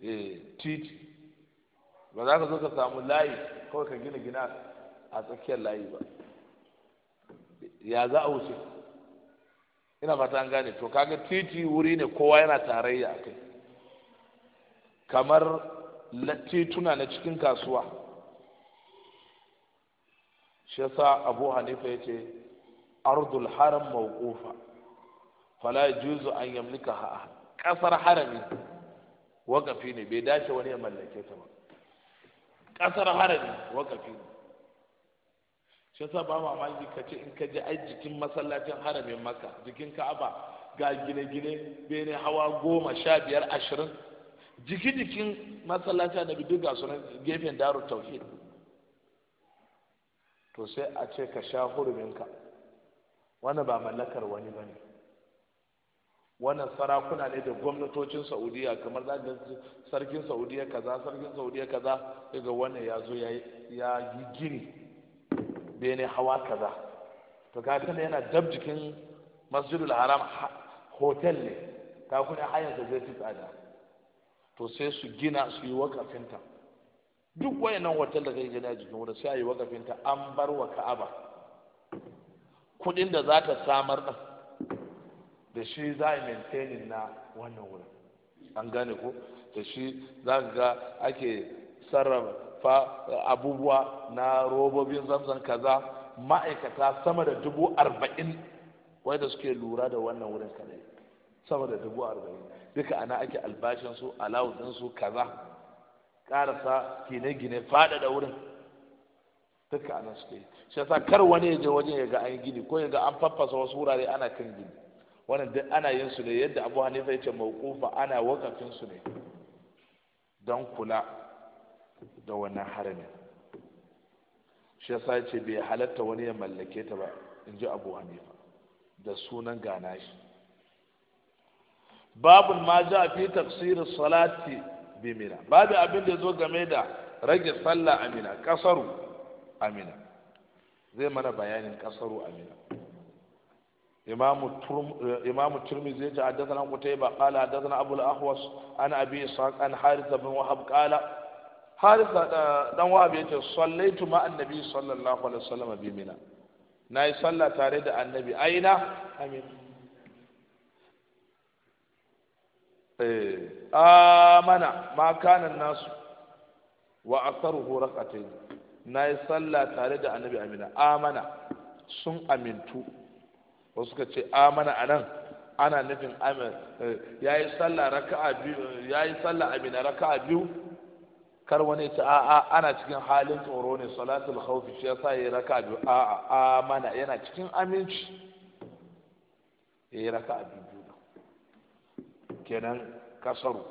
eh titi ba za ka zo ka samu layi kawai ka gina gina a tsakiyar layi ba ya za a wuce ina fata an gane to kaga titi wuri ne kowa yana tarayya a kai kamar tuna na cikin kasuwa shi yasa abu hanifa ya ce ardul haram mawqufa fala juzu an yamlika ha kasar harami wakafi ne bai dace wani ya mallake ta ba kasar harami wakafi ne shi yasa ba mamaki ka ce in ka je ai jikin masallacin haramin maka jikin ka'aba ga gine-gine bene hawa goma sha biyar ashirin jiki-jikin masallacin da duk ga sunan gefen daru tauhid to sai a ce ka sha huruminka wani ba mallakar wani ba ne wannan sarakuna ne da gwamnatocin saudiya kamar za sarkin saudiya kaza sarkin saudiya kaza daga wannan ya zo ya yi gini bene hawa kaza to ka tana yana dab jikin masjidul haram hotel ne ka kuna hayan da zai fi tsada to sai su gina su yi wakafinta duk wayannan hotel da kai gani a jikin wurin sai a yi wa kafinta an bar wa ka'aba kudin da za ta samar din da shi za a maintaining na wannan wurin an gane ko da shi za ka ga ake sarrafa abubuwa na robobin zamzan kaza ma'aikata sama da dubu arba'in wanda suke lura da wannan wurin kadai sama da dubu arba'in duka ana ake albashinsu alawudinsu kaza karasa gine-gine faɗaɗa wurin duka a nan suke shi yasa kar wani ya je wajen ya ga an gini ko ya ga an faffasa wasu wurare ana kan gini wannan duk ana yin su ne yadda abu hanifa ya ce mawqufa ana wakafin su ne don kula da wannan harami. shi yasa ya ce bai halatta wani ya mallake ta ba in ji abu hanifa da sunan gana shi babun ma ja fi tafsirin salati bi mina babu abin da zo game da rage sallah amina kasaru amina zai mana bayanin kasaru amina إمام الترمذي حدثنا قتيبة قال حدثنا أبو الأخوص عن أبي إسحاق عن حارثة بن وهب قال حارثة بن وهب صليت مع النبي صلى الله عليه وسلم بمنى ناي صلى تارد النبي أين؟ أمين Eh, amana ma kanan nasu wa aktharuhu na yi sallah tare da annabi amina amana sun amintu wasu suka ce amana anan ana nufin eh, ya yi raka'a sallah amina raka'a biyu kar wani ta a'a ana cikin halin tsoro ne salatul haufi shi yasa raka a biyu a'a amana yana cikin aminci ya raka a biyu kenan kasaru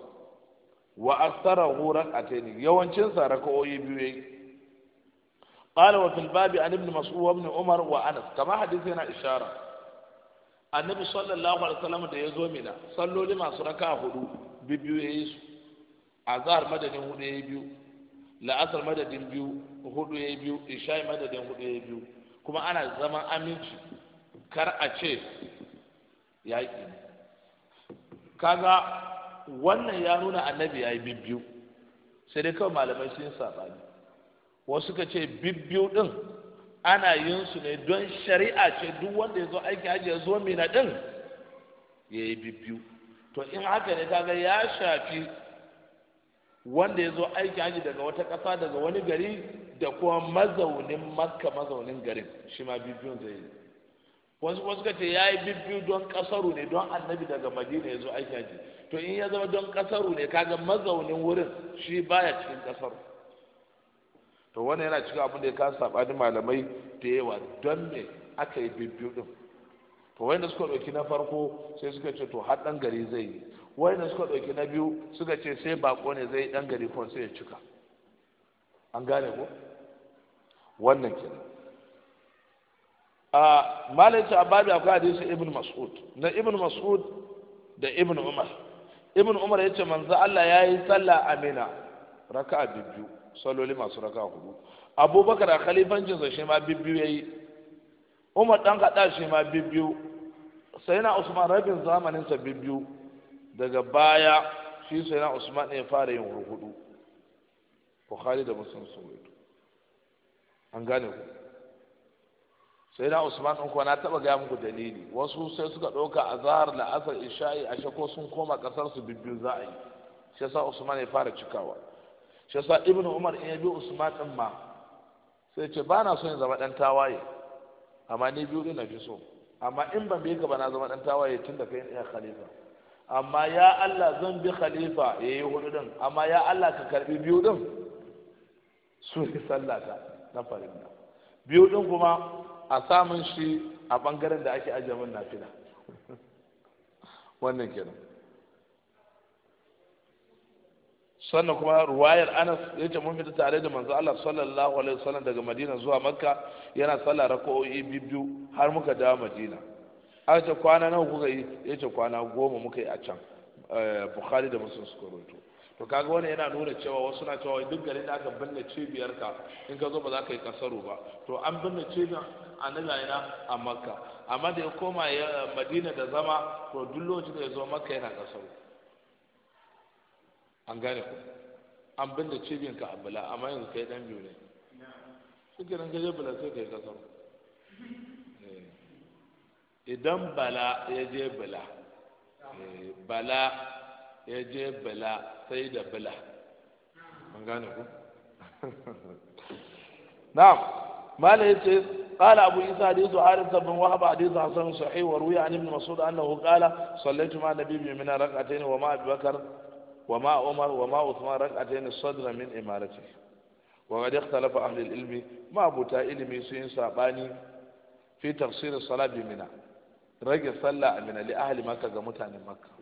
wa aksara ghurat ateni yawancin sa raka'o'i biyu qala wa fil babi an ibn mas'ud wa ibn umar wa anas kama hadisi yana ishara annabi sallallahu alaihi wasallam da yazo mina salloli masu raka hudu biyu yayi su azhar madadin hudu yayi biyu la'asar madadin biyu hudu yayi biyu isha madadin hudu yayi biyu kuma ana zaman aminci kar a ce yaƙi kaga wannan ya nuna annabi ya yi bibbiyu sai dai kawai malamai sun saɓani wasu ka ce bibbiyu ɗin ana yin su ne don shari'a ce duk wanda ya zo aiki hajji ya zo mina ɗin ya yi bibbiyu to in haka ne kaga ya shafi wanda ya zo aiki hajji daga wata ƙasa daga wani gari da kuma mazaunin makka mazaunin garin shi ma bibbiyun zai yi wasu kuma suka ce ya yi bibbiyu don kasaru ne don annabi daga madina ya zo aiki haji to in ya zama don kasaru ne kaga mazaunin wurin shi baya cikin kasaru to wani yana cikin abin da ya kasa sabani malamai da yawa don me aka yi bibbiyu din to da suka ɗauki na farko sai suka ce to har ɗan gari zai yi da suka ɗauki na biyu suka ce sai bako ne zai ɗan gari kuma sai ya cika an gane ko wannan kenan a malai ce babu akwai hadisi ibn mas'ud na ibn mas'ud da ibn umar ibn umar ya ce manzo Allah ya yi sallah amina raka'a bibbiyu saloli masu raka'a hudu abubakar a khalifancinsa shi ma bibbiyu ya yi umar dan kaɗa shi ma bibbiyu sai na usman rabin zamanin zamaninsa bibbiyu daga baya shi sai na usman ne ya fara yin hurhudu bukhari da muslim sun an gane ku sai na usman ɗin na taɓa gaya muku dalili wasu sai suka ɗauka a zahar la'asar isha'i a shako sun koma ƙasar su bibbiyu za a yi shi yasa usman ya fara cikawa shi yasa ibnu umar in ya bi usman ɗin ma sai ce ba na so in zama ɗan tawaye amma ni biyu ɗin na fi so amma in ban bi ka ba na zama ɗan tawaye tun da kai iya khalifa amma ya Allah zan bi khalifa ya yi hudu ɗin amma ya Allah ka karɓi biyu ɗin su ne sallata na farin biyu ɗin kuma a samun shi a bangaren da ake ajiye min nafila wannan kenan sannan kuma ruwayar anas ya ce mun fita tare da manzo Allah sallallahu alaihi wasallam daga Madina zuwa Makka yana sallah rak'o'i biyu har muka dawo Madina Aka ce kwana nawa kuka yi ya kwana goma muka yi a can eh, Bukhari da Muslim suka rawaito to kaga wani yana nuna cewa wasu na cewa duk garin da aka binne cibiyar ka in ka zo ba za ka yi kasaro ba to an binne cibiyar a nagayina a makka amma da ya koma eh, madina da zama to duk lokacin da ya zo makka yana kasaro an gane ku an binne cibiyar ka a bala amma yanzu kai dan biyu ne suke nan gaje bala sai ka yi kasaro eh. idan bala ya je eh, bala bala ya je bala sai da bala an gane ku na'am malai yace قال أبو عيسى حديث عارف بن وهب حديث حسن صحيح وروي عن ابن مسعود أنه قال صليت مع النبي بمنى ركعتين وما أبي بكر وما عمر وما عثمان ركعتين الصدر من إمارته وقد اختلف أهل العلم ما بوتا علمي سين ساباني في تفسير الصلاة بمنى رجل صلى من لأهل مكة متعن مكة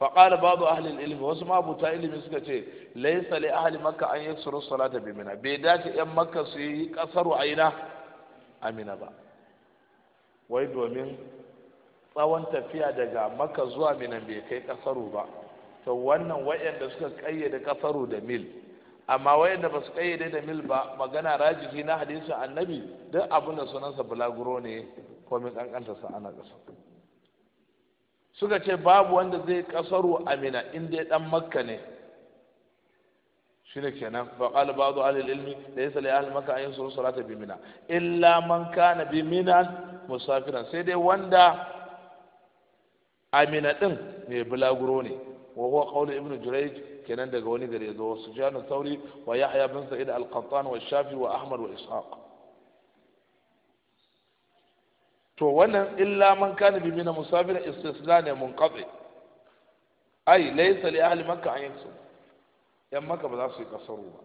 فقال بعض اهل العلم wasu mabuta ilimi suka ce laysa li ahli makka an yaksuru salata bi mina bai dace yan makka su yi kasaru aina amina ba wai domin tsawon tafiya daga makka zuwa minan bai kai kasaru ba to wannan wayanda suka kayyade kasaru da mil amma wayanda ba su kayyade da mil ba magana rajihi na hadisin annabi duk abin da sunansa bulaguro ne komin kankanta sa ana kasa suka ce babu wanda zai kasaru amina in dai dan makka ne shine kenan fa qala ba'du ahli ilmi laysa li ahli makka an salata bi mina illa man kana bi mina musafiran sai dai wanda amina ɗin mai bulaguro ne wa huwa qawlu ibnu jurayj kenan daga wani gari ya zo sufyan wa yahya bin sa'id al-qattan wa shafi wa ahmad wa ishaq to wannan illa man kana bi mina musafir istisla ne munqati ai laysa li ahli makka an yaksu yan makka ba za su yi kasaru ba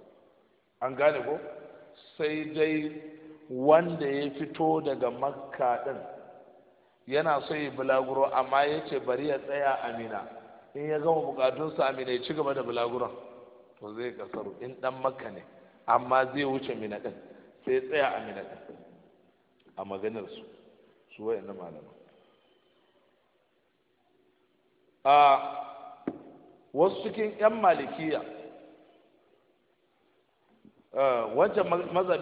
an gane ko sai dai wanda ya fito daga makka din yana so yi bulaguro amma ya ce bari ya tsaya amina in ya gama bukatunsa amina ya ci gaba da bulaguron to zai kasaru in dan makka ne amma zai wuce mina din sai tsaya amina din a maganarsu. su wa'in malama a wasu cikin 'yan malikiya wancan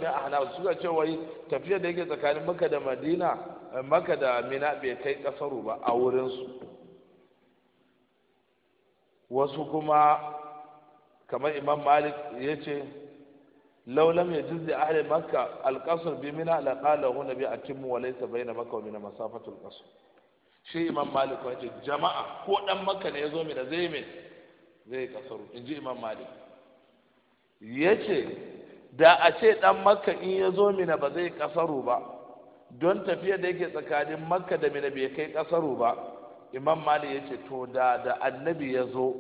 a hana suka ce wai tafiya da yake tsakanin maka da madina eh, maka da mina bai kai kasaru ba a wurinsu wasu kuma kamar imam malik ya ce laulam ya يجز ahli makka القصر بمنى mina la qala hu nabi atimmu wa laysa bayna makka wa mina masafatu alqasr shi imam malik ya ce jama'a ko ne yazo mina zai me zai kasaru inji imam malik yace da a ce dan makka in yazo mina ba zai kasaru ba don tafiya da yake tsakanin makka da mina bai kai kasaru ba imam malik yace to da da annabi yazo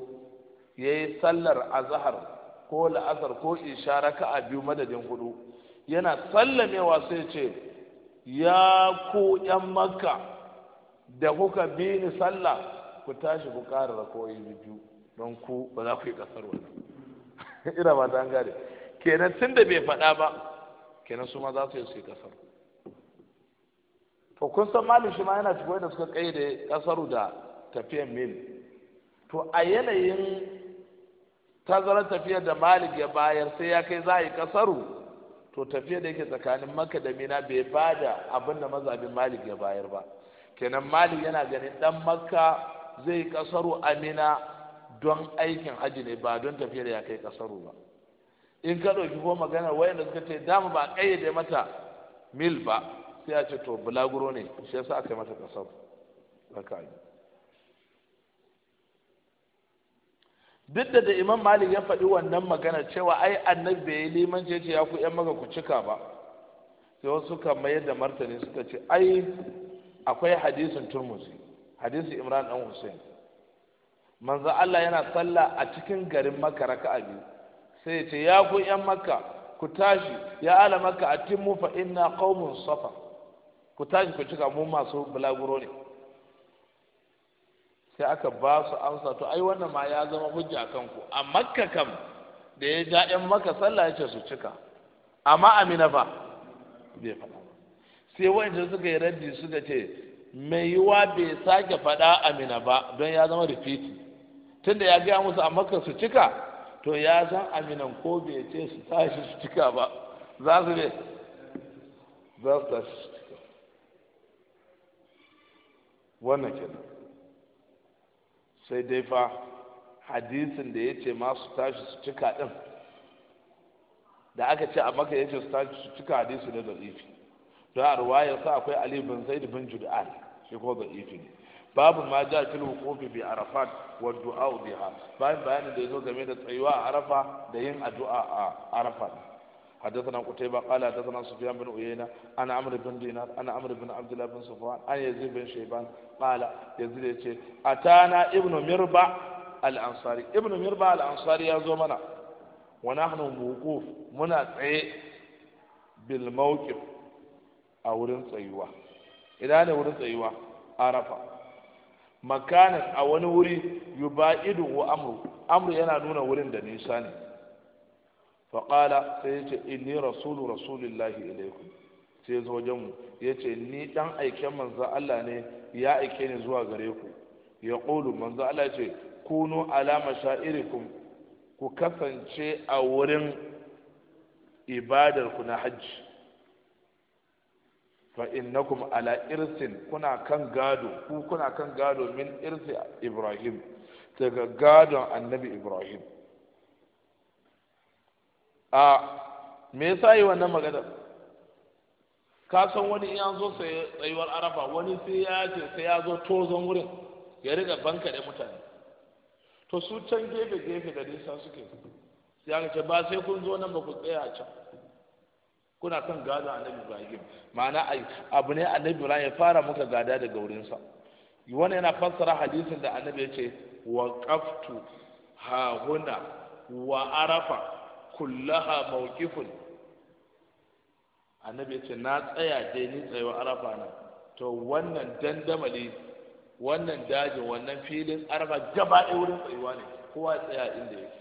yi sallar azhar ko la'asar ko isha a biyu madadin hudu yana sallamewa sai ce ya ku yan makka da kuka bi ni sallah ku tashi ku ƙara da koyi biyu don ku ba za ku yi ƙasar wani ina ba ta gane kenan tun da bai faɗa ba kenan su ma za su yi su yi ƙasar to kun san malin shi ma yana cikin da suka ƙayyade ƙasar da tafiyan mil to a yanayin tazarar tafiyar da malik ya bayar sai ya kai za a yi kasaru to tafiyar da yake tsakanin maka da mina bai ba da abin da mazabin malik ya bayar ba kenan malik yana ganin dan makka zai yi kasaru a mina don aikin hajji ne ba don tafiyar ya kai kasaru ba in ka ɗauki ko magana wayanda suka ce dama ba ƙayyade mata mil ba sai a ce to bulaguro ne shi yasa aka yi mata kasaru duk da da imam malik ya faɗi wannan magana cewa ai annabi bai yi liman ce ya ku yan maka ku cika ba sai wasu suka mayar da martani suka ce ai akwai hadisin turmusi hadisin imran dan hussein manzo Allah yana sallah a cikin garin makka raka'a biyu sai ya ce ya ku yan makka ku tashi ya ala makka atimmu fa inna qaumun safa ku tashi ku cika mu masu bulaguro ne sai aka ba su amsa to ai wannan ma ya zama hujja a kanku a makka kam da ya ja yan maka sallah ya ce su cika amma amina ba bai faɗa ba sai wanda suka yi raddi suka ce mai yiwa bai sake faɗa amina ba don ya zama rifiti tunda ya gaya musu a makka su cika to ya san aminan ko bai ce su tashi su cika ba za su ne za su tashi su cika wannan kenan sai dai fa hadisin da ya ce ma tashi su cika ɗin da aka ce a maka ya ce su tashi su cika hadisi da za'ifi don a ruwayar sa akwai ali bin zaid bin jud'an shi ko za'ifi ne babu ma ja kilu kofi bi arafat wa du'a biha bayan bayanin da ya zo game da tsayuwa a arafa da yin addu'a a arafat حدثنا قتيبة قال حدثنا سفيان بن عيينة أنا عمرو بن دينار أنا عمرو بن عبد الله بن صفوان أنا يزيد بن شيبان قال يزيد أتانا ابن مربع الأنصاري ابن مربع الأنصاري يا زمنا ونحن موقوف منا بالموقف أو رنس أيوة إذا أنا ورنس أيوة عرفة مكانا أو نوري يباعده أمره أمره أنا نونا ورن دنيساني faƙala sai ya ce inni rasulu rasulillahi ilaikum sai zo wajen mu ya ce ni ɗan aiken manzo Allah ne ya aike ni zuwa gare ku ya ƙulu manzo Allah ce kunu alama sha'irikum ku kasance a wurin ibadarku na hajji fa innakum ala irsin kuna kan gado ku kuna kan gado min irsi ibrahim daga gadon annabi ibrahim a me yasa yi wannan magana ka san wani ya zo sai tsayuwar arafa wani sai ya ce sai ya zo tozon wurin ya riga banka da mutane to su can gefe gefe da nisa suke ya aka ce ba sai kun zo nan ba ku tsaya a can kuna kan gado annabi ibrahim ma'ana abu ne annabi ibrahim ya fara muka gada daga wurinsa wani yana fassara hadisin da annabi ya ce wa qaftu ha huna wa arafa kullaha mawqifun annabi ce na tsaya dai ni tsayo arafa na to wannan dandamali wannan dajin wannan filin arafa gaba ɗaya wurin tsayuwa ne kowa tsaya inda yake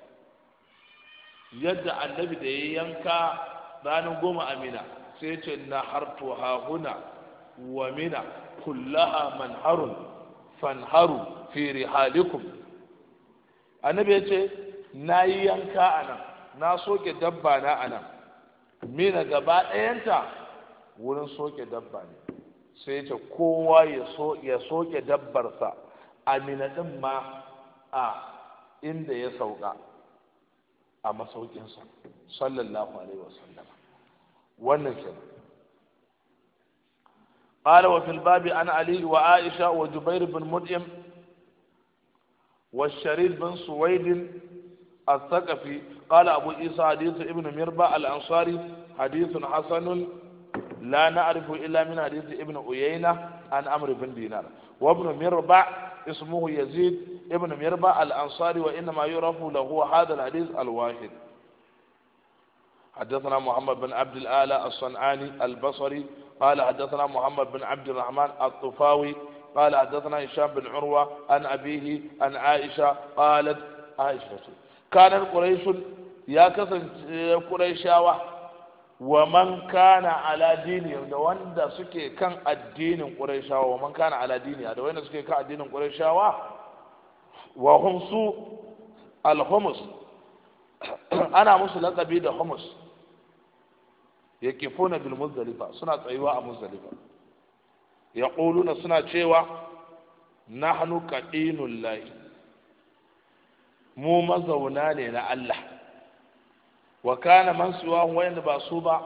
yadda annabi da ya yanka ranar goma amina sai ce na hartu hahuna wa mina kullaha manharun fanharu fi rihalikum annabi ya ce na yi yanka a nan na soke dabba na a nan mina gaba ɗayanta wurin soke dabba ne sai ta kowa ya soke dabbarsa a mina ɗin ma a inda ya sauka a masaukinsa sallallahu alaihi wasallam wannan ke قال وفي الباب عن علي وعائشة وجبير بن مدئم والشريف بن سويد الثقفي قال أبو إيسى حديث ابن مربع الأنصاري حديث حسن لا نعرف إلا من حديث ابن أيينة عن أمر بن دينار وابن مربع اسمه يزيد ابن مربع الأنصاري وإنما يعرف له هذا الحديث الواحد حدثنا محمد بن عبد الآلة الصنعاني البصري قال حدثنا محمد بن عبد الرحمن الطفاوي قال حدثنا هشام بن عروة عن أبيه عن عائشة قالت عائشة كان قريش ya kasance Qurayshawa wa man kana ala dini da wanda suke kan addinin Qurayshawa wa man kana ala dini da wanda suke kan addinin Qurayshawa wa hum su al-humus ana musu laqabi da humus yakifuna bil muzdalifa suna tsayuwa a muzdalifa yaquluna suna cewa nahnu qadinul lahi mu mazauna ne na Allah wa kana man suwa wanda ba su ba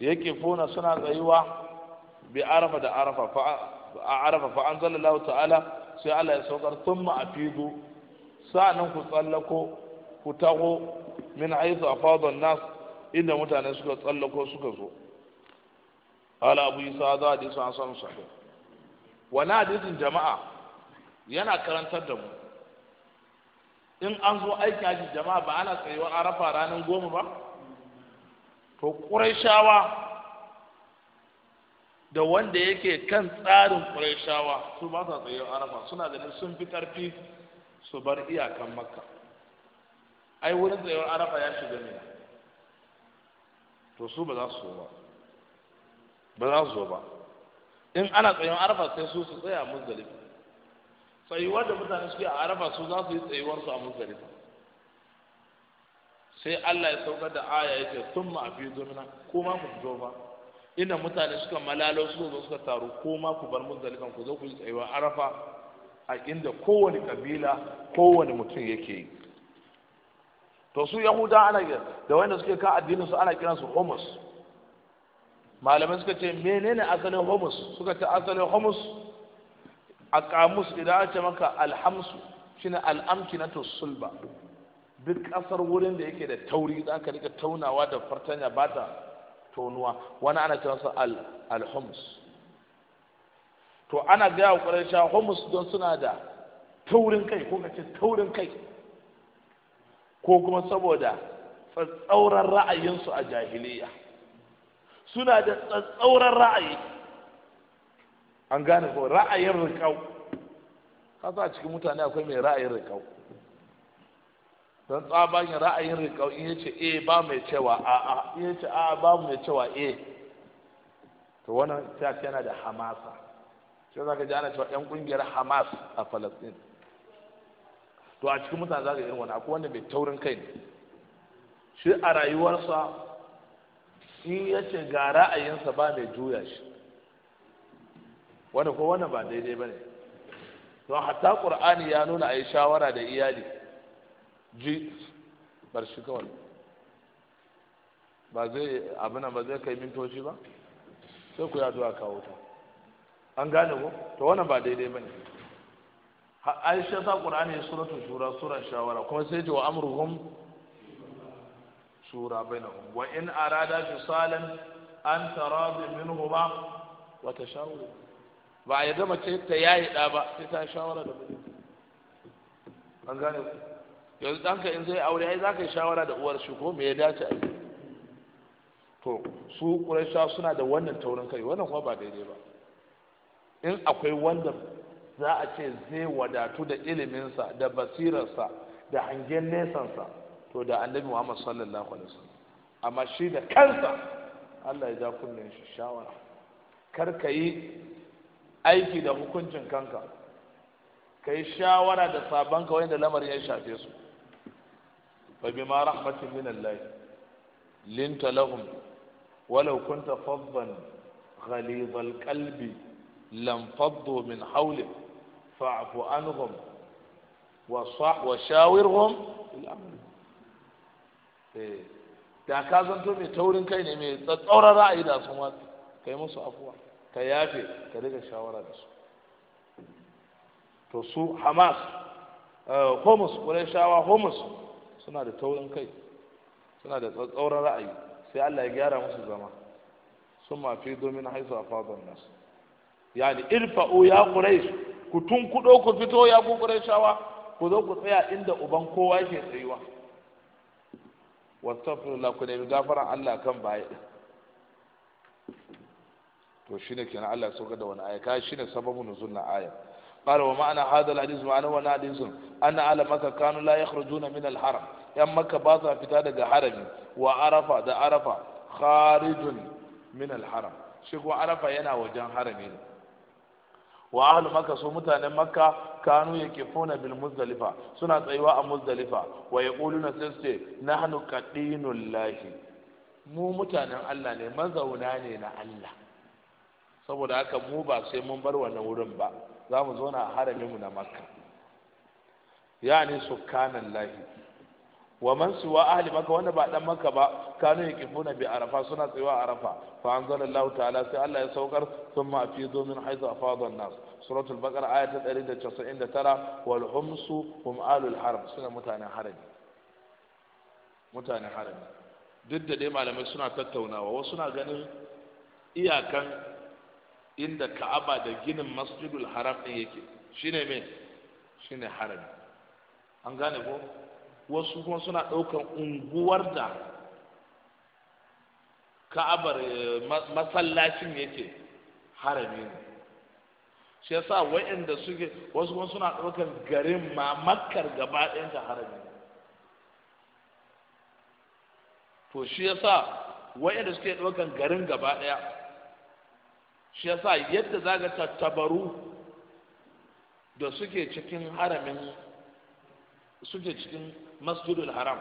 yake fona suna tsayuwa bi arafa da arafa fa arafa fa Allah ta'ala sai Allah ya saukar thumma afidu sa'anan ku tsallako ku tago min haythu afadha an-nas inda mutane suka tsallako suka zo ala abu isa za a disa an samu sahih wani hadisin jama'a yana karantar da mu in an zo aiki haji jama'a ba ana tsayuwa arafa ranar goma ba to shawa da wanda yake kan tsarin shawa su ba sa tsayuwa arafa suna ganin sun fi ƙarfi su bar iyakan makka ai wurin tsayuwar arafa ya shiga ne to su ba za su ba ba za su ba in ana tsayuwar arafa sai su su tsaya muzdalifa tsayuwa da mutane suke a arafa su za su yi tsayuwar su a muzdalifa sai Allah ya saukar da aya yake a afidu mina ko ma ku fito ba inda mutane suka malalo su zo suka taru ko ma ku bar muzdalifan ku zo ku yi tsayuwa arafa a inda kowane kabila kowane mutum yake yi to su yahuda ana da wanda suke kan addinin su ana su homus malamai suka ce menene asalin homus suka ce asalin homus a kamus idan an maka alhamsu shine na sulba duk kasar wurin da yake da tauri za ka rika taunawa da fartanya ba ta tonuwa wani ana ce masa alhamus to ana gaya wa ƙwararra homus don suna da taurin kai ko kace taurin kai ko kuma saboda tsatsauran ra'ayinsu a jahiliya suna da tsatsauran ra'ayi an gane ko ra'ayin rikau kasa a cikin mutane akwai mai ra'ayin rikau don tsabanin ra'ayin rikau in yace A ba mai cewa a'a in yace a'a ba mai cewa A. to wannan ta yana da hamasa sai za ka ji ana cewa 'yan kungiyar hamas a falastin to a cikin mutane za ka irin wani akwai wanda mai taurin kai ne shi a rayuwarsa in ya ce ga ra'ayinsa ba mai juya shi wanda ko wannan ba daidai ba ne To hatta qur'ani ya nuna a yi shawara da iyali ji bar shi kawai ba zai abinan ba zai kai mintoci ba sai ku yaduwa kawo ta an gane ko to wannan ba daidai ba ne aisha ta ƙur'ani suratul shura sura shawara kuma sai ji wa amruhum shura bainahum wa in arada fisalan an tarabi ba wa tashawur ba ya zama ce ta yayi da ba sai ta shawara da miji an gane ku yanzu ɗanka in zai aure ai zaka yi shawara da uwar shi ko me ya dace ai to su quraisha suna da wannan taurin kai wannan kuma ba daidai ba in akwai wanda za a ce zai wadatu da iliminsa da basirarsa da hangen nesansa to da annabi muhammad sallallahu alaihi wasallam amma shi da kansa allah ya ja kunnen shi shawara kar ka yi aiki da hukuncin kanka ka yi shawara da sabonka Wani da lamarin ya shafe su fa bima rahmatin min Allah linta lahum walau kunta faddan غليظ القلب لانفضوا من حولك فاعف عنهم وصح وشاورهم الامر da ka zanto mai taurin kai ne mai tsatsauran ra'ayi da sun wasu kai musu afuwa ka yafe ka daga shawara da su to su hamas eh, homus shawa homus suna da taurin kai suna da tsatsauran ra'ayi sai allah ya gyara musu zama sun mafi domin haisu a fadon nasu yani ilfa'o ya ƙurai ku kudo ku fito ya ku shawa, ku zo ku tsaya inda uban kowa ke tsayuwa wasu ku nemi gafaran Allah kan baya to shine kenan Allah ya sauka da wani aya kai shine sababun nuzul na aya قال ومعنى هذا الحديث معنى وانا حديث ان على مكه كانوا لا يخرجون من الحرم yan Makka ba sa fita daga harami wa arafa da arafa kharijun min al-haram shi kuma arafa yana wajen harami ne wa ahlu makka su mutanen makka kanu yakifuna bil muzdalifa suna tsayuwa a muzdalifa wa yaquluna sai nahnu qadinul lahi mu mutanen Allah ne mazauna ne na Allah saboda haka mu ba sai mun bar wannan wurin ba za mu zo na haramin mu na makka su kanan lahi wa man wa ahli makka wanda ba dan makka ba kanu yaqifuna bi arafa suna tsayuwa arafa fa anzalallahu ta'ala sai Allah ya saukar thumma afidu min haythu afada an-nas suratul baqara da 199 wal humsu hum alul harb suna mutanen harami mutanen harami duk da dai malamai suna tattaunawa wasu na ganin iyakan inda ka'aba da ginin masjidul haram ɗin yake shine me shine harami an gane ko wasu kuma suna ɗaukar unguwar da ka'abar eh, masallacin yake harami ne shi yasa wa'anda suke wasu kuma suna ɗaukar garin ma makar gaba ɗayan ta harami ne to shi ya sa wa'anda suke ɗaukar garin gaba ɗaya shi yasa yadda za ga tattabaru da suke cikin haramin suke cikin masjidul haram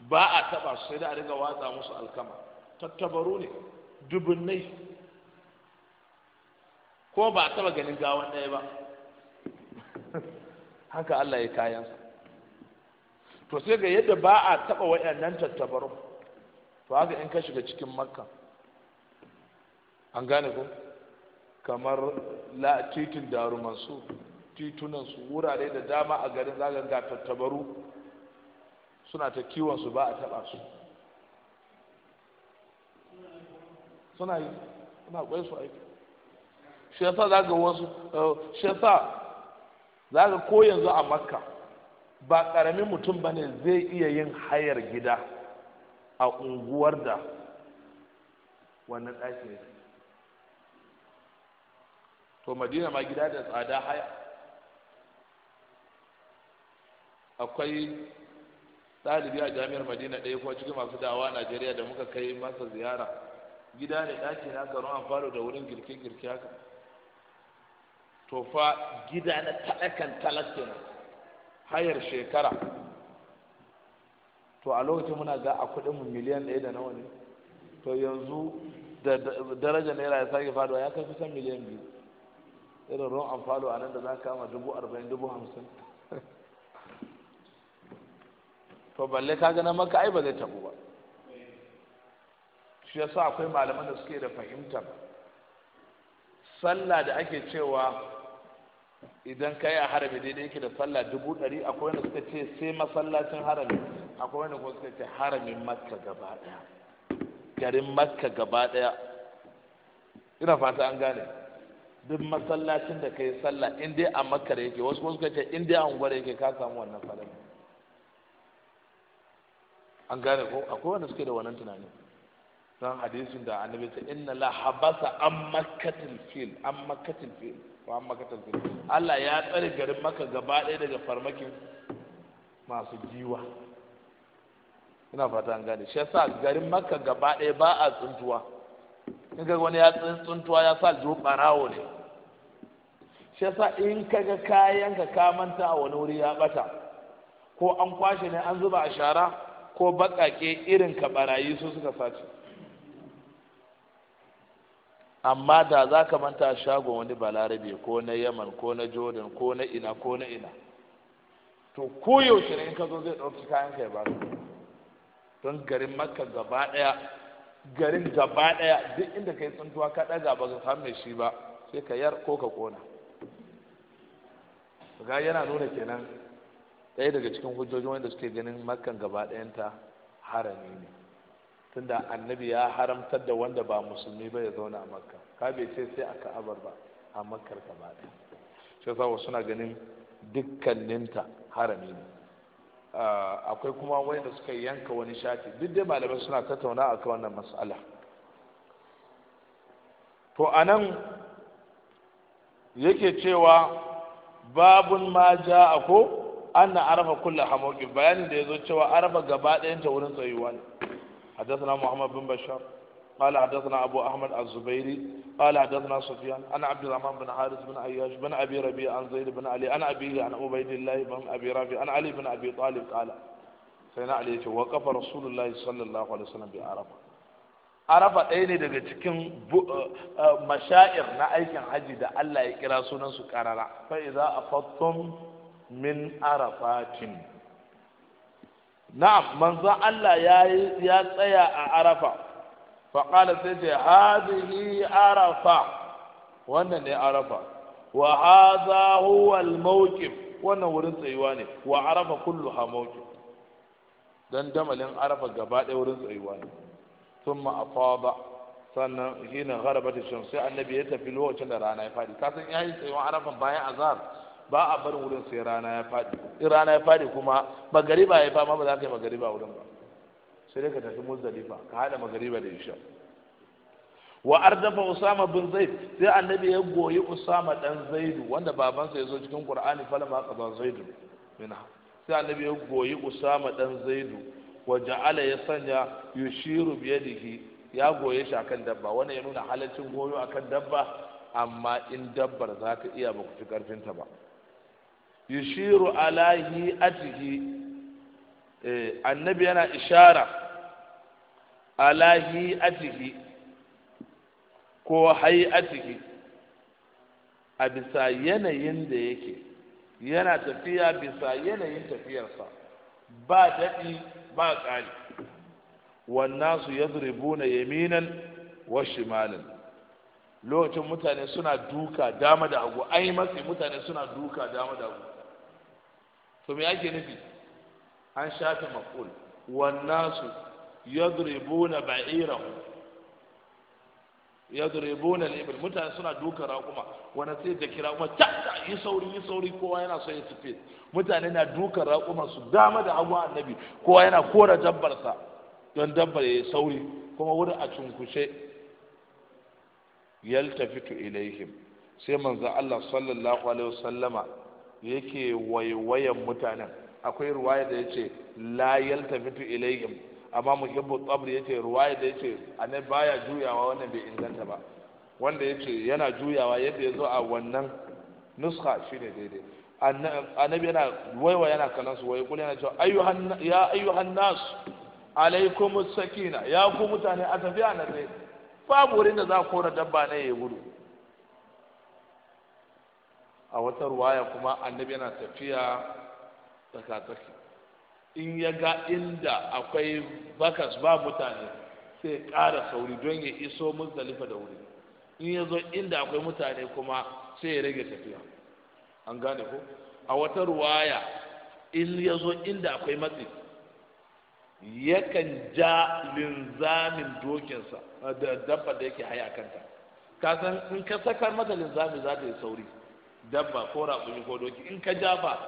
ba a taba su sai da a riga watsa musu alkama tattabaru ne dubunnai ko ba a taba ganin gawan ɗaya ba haka Allah ya kayansa to sai ga yadda ba a taba waɗannan tattabaru to haka in ka shiga cikin makka an gane ko kamar la titin darumansu, titunansu, titunan su wurare da dama a garin zagan ga tattabaru suna ta kiwon su ba a taba su suna yi suna kwai su aiki shi yasa ga wasu eh, shi yasa ga ko yanzu a makka ba karamin mutum bane zai iya yin hayar gida a unguwar da wannan ɗaki ne to madina ma gida da tsada haya akwai ɗalibi a jami'ar madina ɗaya ko cikin masu dawa a najeriya da muka kai masa ziyara gida ne ɗaki na garin amfano da wurin girke-girke haka to fa gida na talakan talakin hayar shekara to a lokacin muna ga a kuɗin miliyan ɗaya da nawa ne to yanzu da daraja naira ya sake faduwa ya kai kusan miliyan biyu irin ruwan amfalo a nan da za ka kama dubu arba'in dubu hamsin to balle ka gana maka ai ba zai tabu ba shi yasa akwai malaman da suke da fahimtar sallah da ake cewa idan ka yi a harami daidai yake da sallah dubu ɗari akwai wanda suka ce sai masallacin harami akwai wanda kuma suka ce haramin makka gaba ɗaya garin makka gaba ɗaya ina fata an gane duk masallacin da kai sallah in dai a makar yake wasu kuma suka ce in dai a unguwar yake ka samu wannan falala an gane ko akwai wanda suke da wannan tunanin don hadisin da annabi ta inna la habasa an makkatil fil an makkatil fil ko an makkatil fil Allah ya tsare garin maka gaba ɗaya daga farmakin masu jiwa ina fata an gane shi yasa garin maka gaba ɗaya ba a tsuntuwa in ga wani ya tsuntuwa ya sa jo barawo ne shi yasa in kaga kayan ka ka manta a wani wuri ya bata ko an kwashe ne an zuba a shara ko bakake irin ka barayi su suka sace amma da za ka manta shago wani balarabe ko na yaman ko na jordan ko na ina ko na ina to ko yaushe ne in ka zo zai ɗauki kayan ka ya ba don garin makka gaba ɗaya garin gaba ɗaya duk inda ka yi tsuntuwa ka ɗaga ba ka samu shi ba sai ka yar ko ka kona ga yana nuna kenan ɗaya daga cikin hujjojin wanda suke ganin makkan gaba ɗayanta harami ne tunda annabi ya haramtar da wanda ba musulmi ba ya zauna a makka ka bai ce sai a ka'abar ba a makkar gaba ɗaya shi yasa suna ganin dukkaninta harami ne ah, akwai kuma wanda suka yanka wani shafi duk dai malamai suna tattauna a kan wannan mas'ala to anan yake cewa babun ma ja'a ko anna arafa kullu hamuki bayanin da yazo cewa arafa gaba ɗayan ta wurin tsayuwa ne حدثنا محمد بن بشار قال حدثنا أبو أحمد الزبيري قال حدثنا سفيان أنا عبد الرحمن بن حارث بن عياش بن أبي ربيع عن زيد بن علي أنا أبيه عن عبيد الله بن أبي رافع عن علي بن أبي طالب قال سيدنا علي وقف رسول الله صلى الله عليه وسلم بعرفة arafa ɗaya ne daga cikin uh, uh, mashair na aikin haji da Allah ya kira sunan su karara fa iza afattum min arafatin na'am manzon Allah ya ya tsaya a arafa fa qala sai ce hadhihi arafa wannan ne arafa wa hadha huwa al-mawqif wannan wurin tsayuwa ne wa arafa kulluha mawqif dan damalin arafa gaba ɗaya wurin tsayuwa ne a thumma ba sannan hina gharabat ash-shams sai annabi ya tafi lokacin da rana ya fadi kasan ya yayi tsayon arafan bayan azhar ba a barin wurin sai rana ya fadi in rana ya fadi kuma magariba ya fama ba za ka yi magariba wurin ba sai dai ka tafi muzdalifa ka hada magariba da isha wa ardafa usama bin zaid sai annabi ya goyi usama dan zaidu wanda babansa ya zo cikin qur'ani falama qada zaidu minha sai annabi ya goyi usama dan zaidu wa ja'ala ya sanya yushiru biyadihi ya goye shi akan dabba wannan ya nuna halaccin goyo akan dabba amma in dabbar za ka iya ba ku ci karfinta ba yushiru atihi eh annabi yana ishara Alahi atihi ko Hai atihi a bisa yanayin da yake yana tafiya bisa yanayin tafiyarsa ba daɗi ba ƙari wannan su yadribuna yaminan wa shimalin lokacin mutane suna duka dama da hagu ai matsi mutane suna duka dama da hagu to me ake nufi an shafe maqul wannan su yadribuna ba'irahum ya al-ibl mutane suna duka raƙuma wani sai da kira kuma ta ta yi sauri yi sauri kowa yana so ya tafi mutane na duka raƙuma su dama da hagu annabi kowa yana kora dabbar sa don dabbar ya yi sauri kuma wurin a cunkushe yaltafitu ilaihim sai manzo Allah sallallahu alaihi wasallama yake waiwayan mutanen akwai ruwaya da yace la yaltafitu ilaihim amma muhibbu tsabri yace ruwaya da yace annabi baya juyawa wannan bai inganta ba wanda yace yana juyawa yadda yazo a wannan nuskha shine daidai annabi yana waiwa yana kallon su wai kullu yana cewa ayyuhan ya ayyuhan nas alaikumus sakina ya ku mutane a tafiya na sai babu wurin da za ku kora dabba ne ya gudu a wata ruwaya kuma annabi yana tafiya tsakatsaki in ya ga inda akwai bakas ba mutane sai ƙara sauri don ya iso muzdalifa da wuri in ya zo inda akwai mutane kuma sai ya rage tafiya an gane ko a wata ruwaya in ya zo inda akwai matsi yakan ja linzamin dokinsa da dabba da yake haya kanta Kasan in ka sakar mata linzamin za ta yi sauri dabba ko raƙumi ko doki in ka ja ba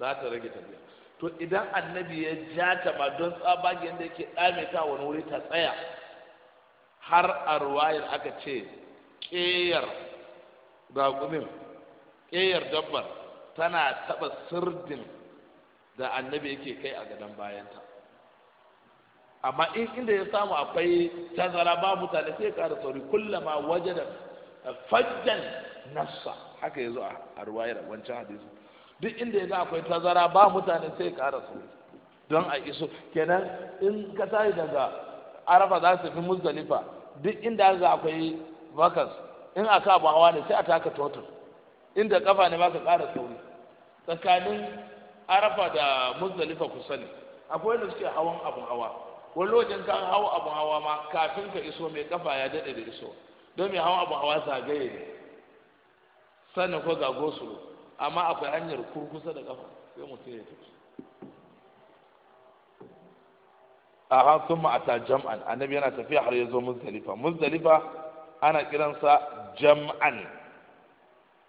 za ta rage tafiya to idan annabi ya ja ta ba don tsabagen da yake ɗame ta wani wuri ta tsaya har a ruwayar aka ce ƙeyar ragumin ƙeyar dabbar tana taɓa sirdin da annabi yake kai a gadon bayanta amma in inda ya samu akwai tazara ba mutane sai ƙara sauri kullama waje da fajjan nassa haka ya zo a ruwayar wancan hadisi duk inda ya ga akwai tazara ba mutane sai ƙara su don a iso kenan in ka tashi daga arafa za su fi muzdalifa duk inda ga akwai vakas in aka abu hawa ne sai a taka total inda kafa ne ba ka ƙara sauri tsakanin arafa da muzdalifa kusa ne akwai da suke hawan abun hawa wani lokacin kan hawa abun hawa ma kafin ka iso mai kafa ya daɗe da iso don mai hawan abun hawa zagaye ne sannan ko ga gosulo amma akwai hanyar kurkusa da kafa sai mutum ya tafi a hasun ma'ata jam'an annabi yana tafiya har ya zo muzdalifa muzdalifa ana kiransa jam'an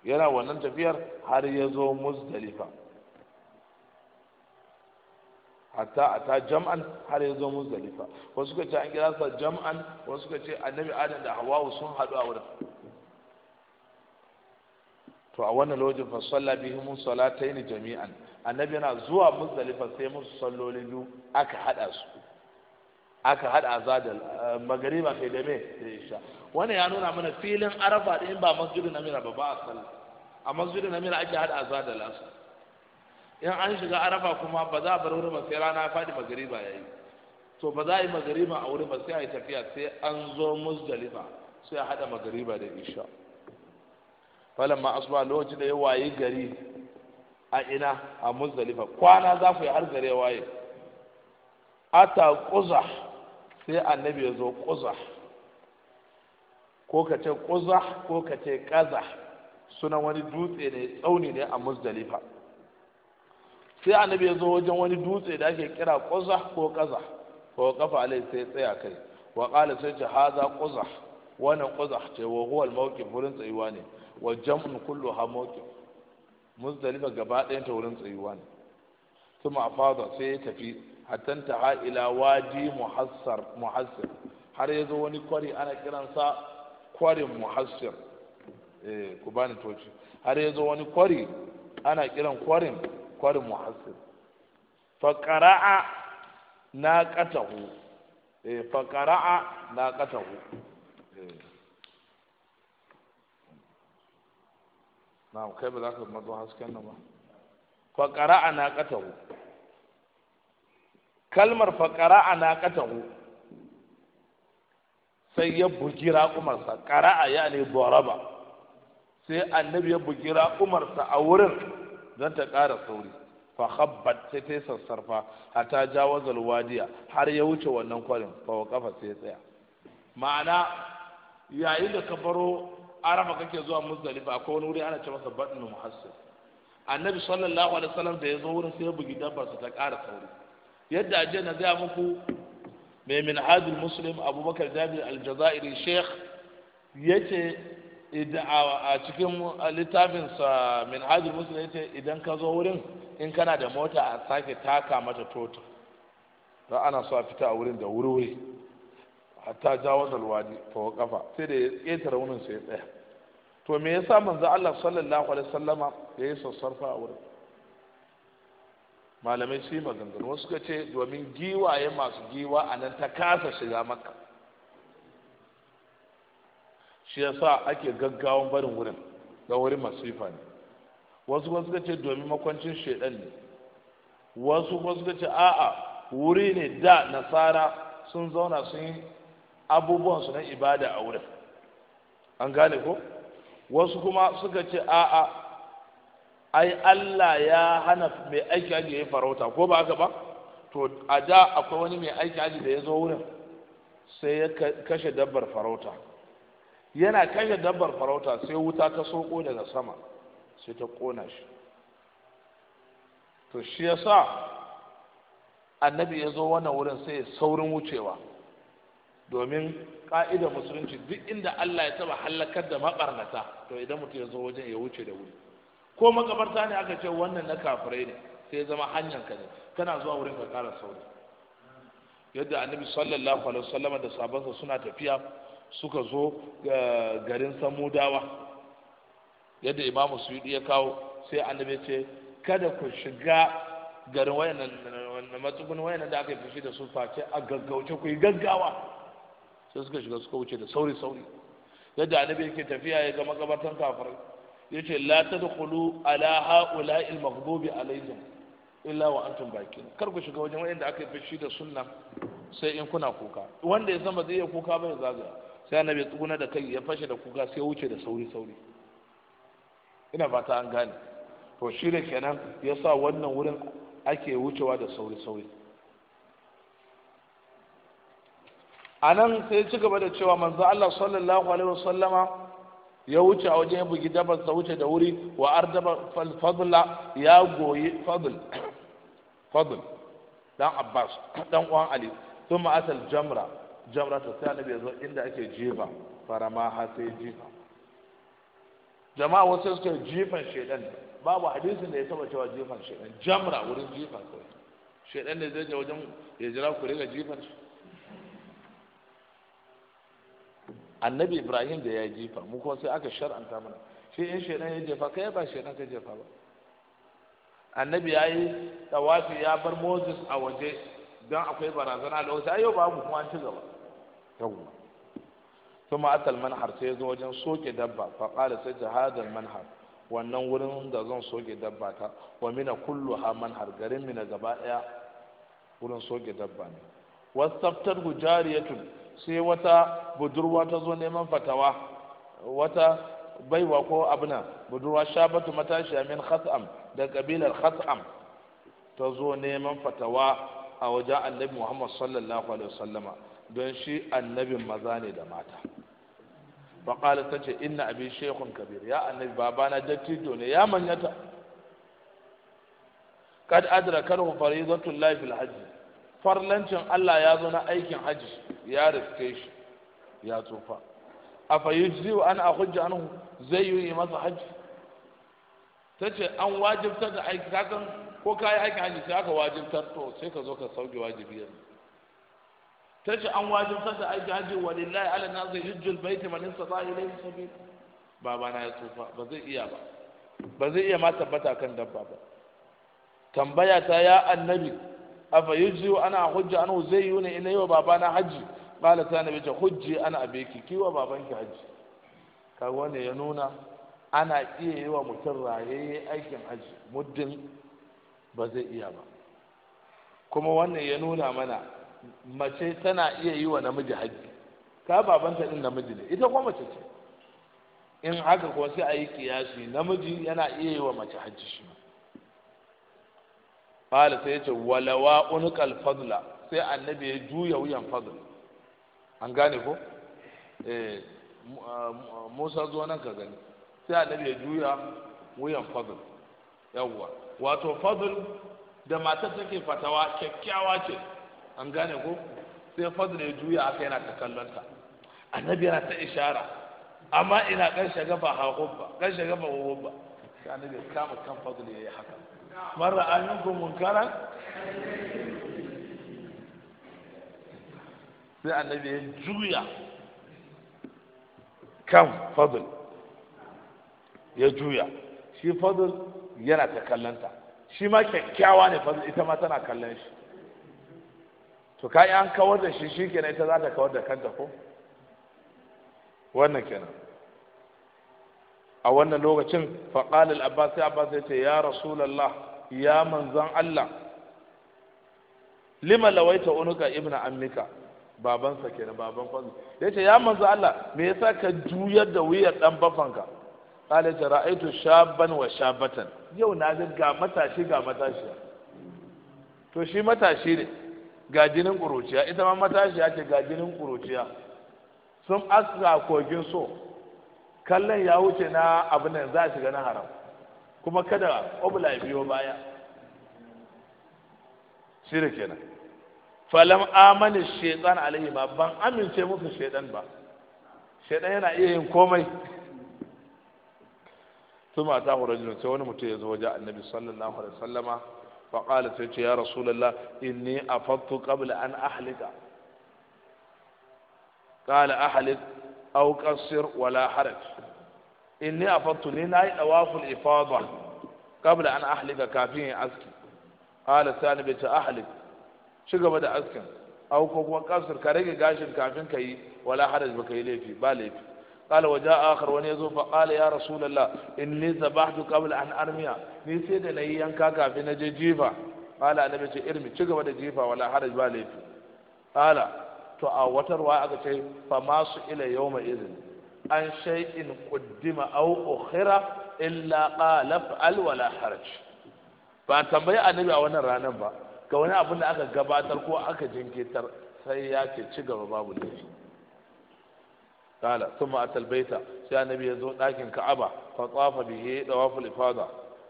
yana wannan tafiyar har ya zo muzdalifa hatta a ta jam'an har ya zo muzdalifa wasu ka ce an kiransa jam'an wasu ka ce annabi adam da hawa sun haɗu a wurin to a wannan lokacin fa salla bihim salatayn jami'an annabi yana zuwa muzdalifa sai musu salloli biyu aka hada su aka hada azadal magariba kai da eh, mai da isha wannan ya nuna mana filin arafa da in ba masjidin namira ba ba a sallah a masjidin namira ake hada azadal asr in an shiga arafa kuma ba za a bar wurin ba sai rana fadi magariba yayi to ba za a yi magariba a wurin ba sai a yi tafiya sai an zo muzdalifa sai a hada magariba da isha falamma asuba lokacin da ya wayi gari a ina a muzdalifa kwana za ku yi har gare waye ata kuza sai annabi ya zo kuza ko ka ce kuza ko ka ce kaza sunan wani dutse ne tsauni ne a muzdalifa sai annabi ya zo wajen wani dutse da ake kira kuza ko kaza ko kafa alai sai tsaya kai wa qala sai ce haza kuza wannan kuza ce wa huwa al-mawqif wurin tsayuwa ne wa jam'un kullu ha mawqif muzdalifa gaba ɗayan ta wurin tsayuwa ne kuma fada sai ya tafi hatan ta ila wadi muhassar muhassir har ya zo wani kwari ana kiransa kwarin muhassir eh ku bani toci har ya zo wani kwari ana kiran kwarin kwarin muhassir fa qara'a ƙatahu. eh fa qara'a eh na kai ba za ka mazo hasken nan ba faƙara a naƙatahu kalmar faƙara a naƙatahu sai ya bugi raƙumarsa ƙara'a ya ne boraba sai annabi ya bugi raƙumarsa a wurin don ta ƙara sauri fa habbat sai ta yi sassarfa hata jawo wadiya har ya wuce wannan kwarin fa kafa sai ya tsaya ma'ana yayin da ka baro arama kake zuwa muzdalifa akwai wani wuri ana ce masa badin muhassir annabi sallallahu alaihi wasallam da ya zo wurin sai ya bugi dabbar sa ta ƙara sauri yadda aje na ga muku mai min hadil muslim abubakar jabir aljazairi sheikh yace a cikin littafin sa min hadil muslim yace idan ka zo wurin in kana da mota a sake taka mata tota don ana so a fita a wurin da wuri-wuri hatta jawon alwadi fa kafa sai da ya ƙetare wurin sai ya tsaya to me yasa manzo Allah sallallahu alaihi wasallama ya yi sassarfa a wurin malamai su yi maganganu wasu suka ce domin giwaye masu giwa a nan ta kasa shiga maka shi yasa ake gaggawan barin wurin ga wurin masifa ne wasu wasu suka ce domin makwancin shaidan ne wasu wasu suka ce a'a wuri ne da nasara sun zauna sun yi abubuwansu na ibada a wurin an gane ko wasu kuma suka ce a'a ai Allah ya hana mai aiki aji ya yi farauta ko ba ba to a da akwai wani mai aiki aji da ya zo wurin sai ya kashe dabbar farauta yana kashe dabbar farauta sai wuta ta soko daga sama sai ta kona shi to shi ya sa annabi ya zo wannan wurin sai saurin wucewa domin ka'idar musulunci duk inda Allah ya taba halakar da mabarnata to idan mutum ya zo wajen ya wuce da wuri ko makabarta ne aka ce wannan na kafirai ne sai zama hanyar ka ne kana zuwa wurin ka kara sauri yadda annabi sallallahu alaihi wasallam da sabansa suna tafiya suka zo garin samudawa yadda imamu suyudi ya kawo sai annabi ya ce kada ku shiga garin wayannan matsugun wayannan da aka yi fushi da su face a gaggauce ku yi gaggawa sai suka shiga suka wuce da sauri sauri yadda annabi yake tafiya ya ga makabartan kafirai yace la tadkhulu ala haula'i al-maghdubi alaihim illa wa antum bakin kar ku shiga wajen wanda aka yi fashi da sunna sai in kuna kuka wanda ya san ba zai iya kuka ba ya zagaya sai annabi ya tsuguna da kai ya fashe da kuka sai ya wuce da sauri sauri ina fata an gane to shi da kenan ya sa wannan wurin ake wucewa da sauri sauri a nan sai ci gaba da cewa manzo Allah sallallahu alaihi wasallama ya wuce a wajen bugi dabar sa wuce da wuri wa ardaba fadla ya goyi fadl fadl dan Abbas dan uwan Ali thumma atal jamra jamra ta sai annabi yazo inda ake jifa farama ha sai jifa jama'a wasu suka jifan shedan babu hadisin da ya taba cewa jifan shedan jamra wurin jifan kai shedan ne zai je wajen ya jira ku riga jifan shi annabi ibrahim da ya jifa mu kuma sai aka shar'anta mana shi in shaidan ya jefa kai ba shaidan ka jefa ba annabi ya yi tawafi ya bar moses a waje don akwai barazana da wasu ayyau babu kuma an ci gaba yawwa ثم أتى المنحر سيزو wajen soke dabba فقال sai هذا manhar wannan wurin da zan soke dabba ta wa mina kullu ha manhar garin mina gaba daya wurin soke dabba ne ya jariyatun sai wata budurwa ta zo neman fatawa wata baiwa ko abna budurwa shabatu Matashi, min khatam da kabilar khatam ta zo neman fatawa a wajen annabi muhammad sallallahu alaihi wasallama don shi annabin maza ne da mata faƙala ta ce inna abi shekun kabir ya annabi babana dattijo ne ya manyata kad adrakar faridatu lahi fil hajj farlancin Allah ya zo na aikin hajji ya riske shi ya tsufa a fayyuzi an a hujja an zai yi masa hajji ta ce an wajibtar da aiki kakan ko ka yi aikin hajji sai aka wajibtar to sai ka zo ka sauke wajibi yanzu ta ce an wajibtar da aikin wa lillahi ala na zai hujjul baiti man istata ilayhi sabila baba na ya tsufa ba zai iya ba ba zai iya ma tabbata kan dabba ba tambaya ta ya annabi afa yuji ana hujja ana zai ne ina yi wa babana hajji qala ta nabi ce hujji ana abe ki wa ki hajji kaga wanda ya nuna ana iya yi wa mutum rayayye aikin hajji muddin ba zai iya ba kuma wannan ya nuna mana mace tana iya yi wa namiji hajji ka babanta din namiji ne ita kuma mace ce in haka kuma sai a yi kiyasi namiji yana iya yi wa mace hajji shi ma qala sai yace walawa unqal fadla sai annabi ya juya wuyan fadl an gane ko eh ah, Musa zo nan ka gani sai annabi ya juya wuyan fadl yawwa wato fadl da matar take fatawa kyakkyawa ce an gane ko sai fadl ya juya aka yana ta kallonta annabi yana ta ishara amma ina kan shagaba ha hubba kan shagaba hubba sai annabi ya kama kan fadl ya yi haka mara mun munkaran sai annabi ya juya kan fadl ya juya shi fadl yana ta kallanta shi ma kyakkyawa ne fadl ita ma tana kallon shi to kai an kawar da shi shi kenan ita za ta kawar da kanta ko wannan kenan a wannan lokacin faƙal al-abbas abbas ya ce ya rasulullah ya manzon Allah lima lawaita unuka ibnu ammika babansa kenan baban fadl ya ce ya manzan Allah me yasa ka juyar da wuyar dan bafanka qala ta ra'aitu shaban wa shabatan yau na ga matashi ga matashi to shi matashi ne ga jinin kuruciya ita ma matashiya ce ga jinin kuruciya sun aska kogin so kallon ya wuce na abin nan za a shiga na haram kuma kada obula ya biyo baya shi da kenan falam amani shaitan alaihi ma ban amince musu shaitan ba shaitan yana iya yin komai ثم أتاه رجل سوى متي وجاء النبي صلى الله عليه وسلم فقال سيدي يا رسول الله إني أفضت قبل أن أحلق قال أحلق aw wala haraj inni afattu ni nayi dawaful ifada qabla an ahlika kafin aski qala sani bi ta ahlik ci da askin aw ko kuma ka rage gashin kafin kai wala haraj ba laifi ba laifi قال وجاء آخر ونيزو فقال يا رسول الله إني ذبحت قبل أن أرميها ni sai da nayi yanka kafin na je jifa qala annabi ce irmi ci da jifa wala haraj ba laifi to a watarwa aka ce fa masu ila yau mai izin an shay'in quddima au ukhira illa qala fa'al wala harj ba tambayi annabi a wannan ranar ba ga wani abin da aka gabatar ko aka jinkirtar sai ya ce ci gaba babu ne kala thumma atal talbaita sai annabi ya zo dakin ka'aba fa tsafa bihi dawaful ifada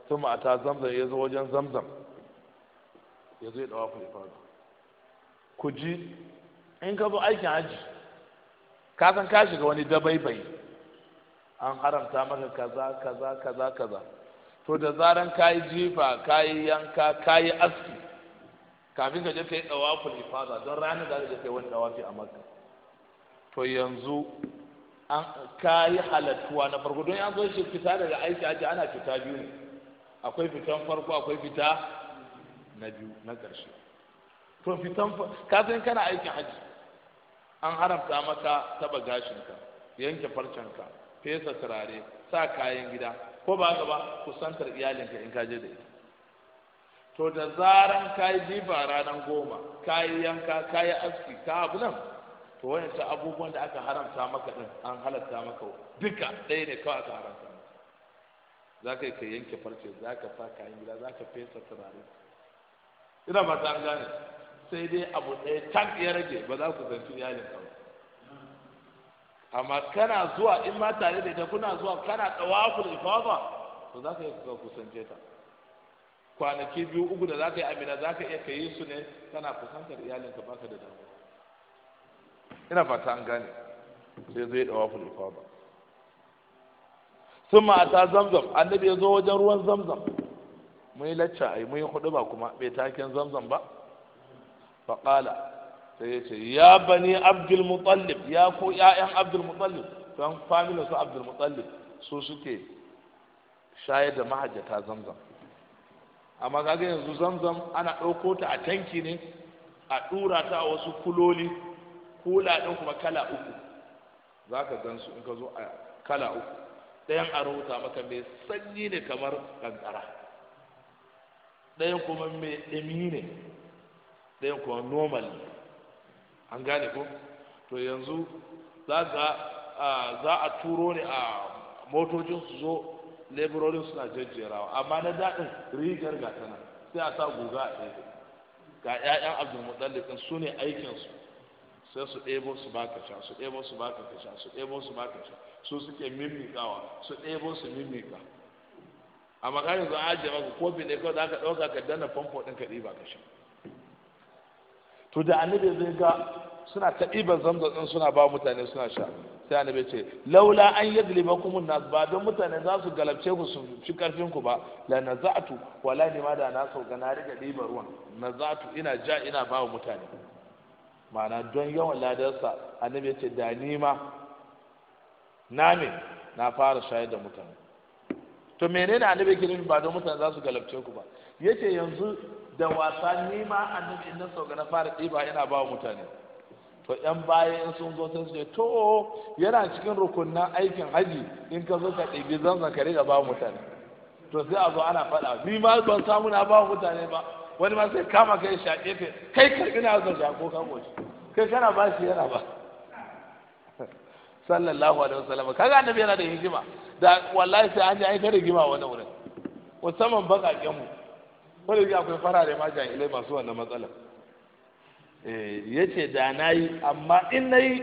thumma ta zamzam ya zo wajen zamzam ya zo dawaful ifada ku ji in ka zo aikin hajji ka san ka shiga wani dabaibai an haramta maka kaza kaza kaza kaza to da zaran ka yi jifa ka yi yanka ka yi aski kafin ka je ka yi ɗawafin ifada don ranar da ka kai wani dawafi a makka to yanzu ka yi halattuwa na farko don yanzu shi fita daga aiki aji ana fita biyu ne akwai fitan farko akwai fita na biyu na ƙarshe to fitan ka san kana aikin hajji an haramta maka taba gashinka yanke farcenka fesa turare sa kayan gida ko ba haka ba kusantar iyalinka in ka je da ita to da zaran ka yi jifa ranar goma ka yi yanka ka yi aski ka abu nan to wayansu abubuwan da aka haramta maka din an halatta maka duka ɗaya ne kawai aka haramta maka za ka yi ka yanke farce za ka sa kayan gida za ka fesa turare ina ba ta an gane sai dai abu ɗaya can ya rage ba za ku zanci iyalin ka ba amma kana zuwa in ma tare da ita kuna zuwa kana da ifafa to za ka yi ka kusance ta kwanaki biyu uku da za ka yi amina za ka iya ka yi su ne kana kusantar iyalin ka baka da damu ina fata an gane sai zai Sun tawaful ta zamzam annabi ya zo wajen ruwan zamzam. mun yi lacca ai mun yi hudu ba kuma bai taken zamzam ba faƙala sai ya ya bani abdul mutallib ya ko ya'yan abdul mutallib don familin su abdul mutallib su suke shayar da mahajjata zamzam amma kaga yanzu zamzam ana ɗauko ta a tanki ne a ɗura a wasu kuloli kula ɗin kuma kala uku za ka gan in ka zo a kala uku ɗayan a rahuta maka mai sanyi ne kamar ƙanƙara ɗayan kuma mai ɗumi ne ɗayan kuma normal ne an gane ko to yanzu za a turo ne a motocin su zo laborin suna jajjerawa amma na daɗin rigar ga tana sai a sa guga a ɗaya ga 'ya'yan abdulmutallifin su ne aikinsu sai su ɗebo su baka sha su ɗebo su baka sha su ɗebo su baka sha su suke mimikawa su ɗebo su mimika amma ka yanzu an ajiye maka kofi ne kawai za ka ɗauka ka danna famfo ɗin ka ɗiba ka sha to da annabi zai ga suna ta ɗiban zamzam ɗin suna ba mutane suna sha sai annabi ce laula an yadliba kumun nas ba don mutane za su galabce ku su ci karfin ku ba la nazatu wala ni ma da na ga na riga diba ruwan nazatu ina ja ina ba wa mutane ma'ana don yawan ladarsa annabi ce da ni ma na me na fara shayar da mutane to menene annabi ke nufi ba don mutane za su galabce ku ba yace yanzu da wasa ni ma annabi in na sauka na fara ɗiba yana ba wa mutane to ƴan baya in sun zo sun ce to yana cikin rukunnan aikin haji in ka zo ka ɗibi zanzan ka riga ba mutane to sai a zo ana faɗa ni ma ban samu na ba wa mutane ba wani ma sai kama kai shaƙe kai kai karɓi na zan ko ka goshi kai kana ba shi yana ba sallallahu alaihi wasallam kaga annabi yana da hikima da wallahi sai an ji an gima wannan wani wurin musamman baƙaƙen mu ko da akwai da ma jahilai masu wannan matsalar eh, ya ce da na yi amma in na yi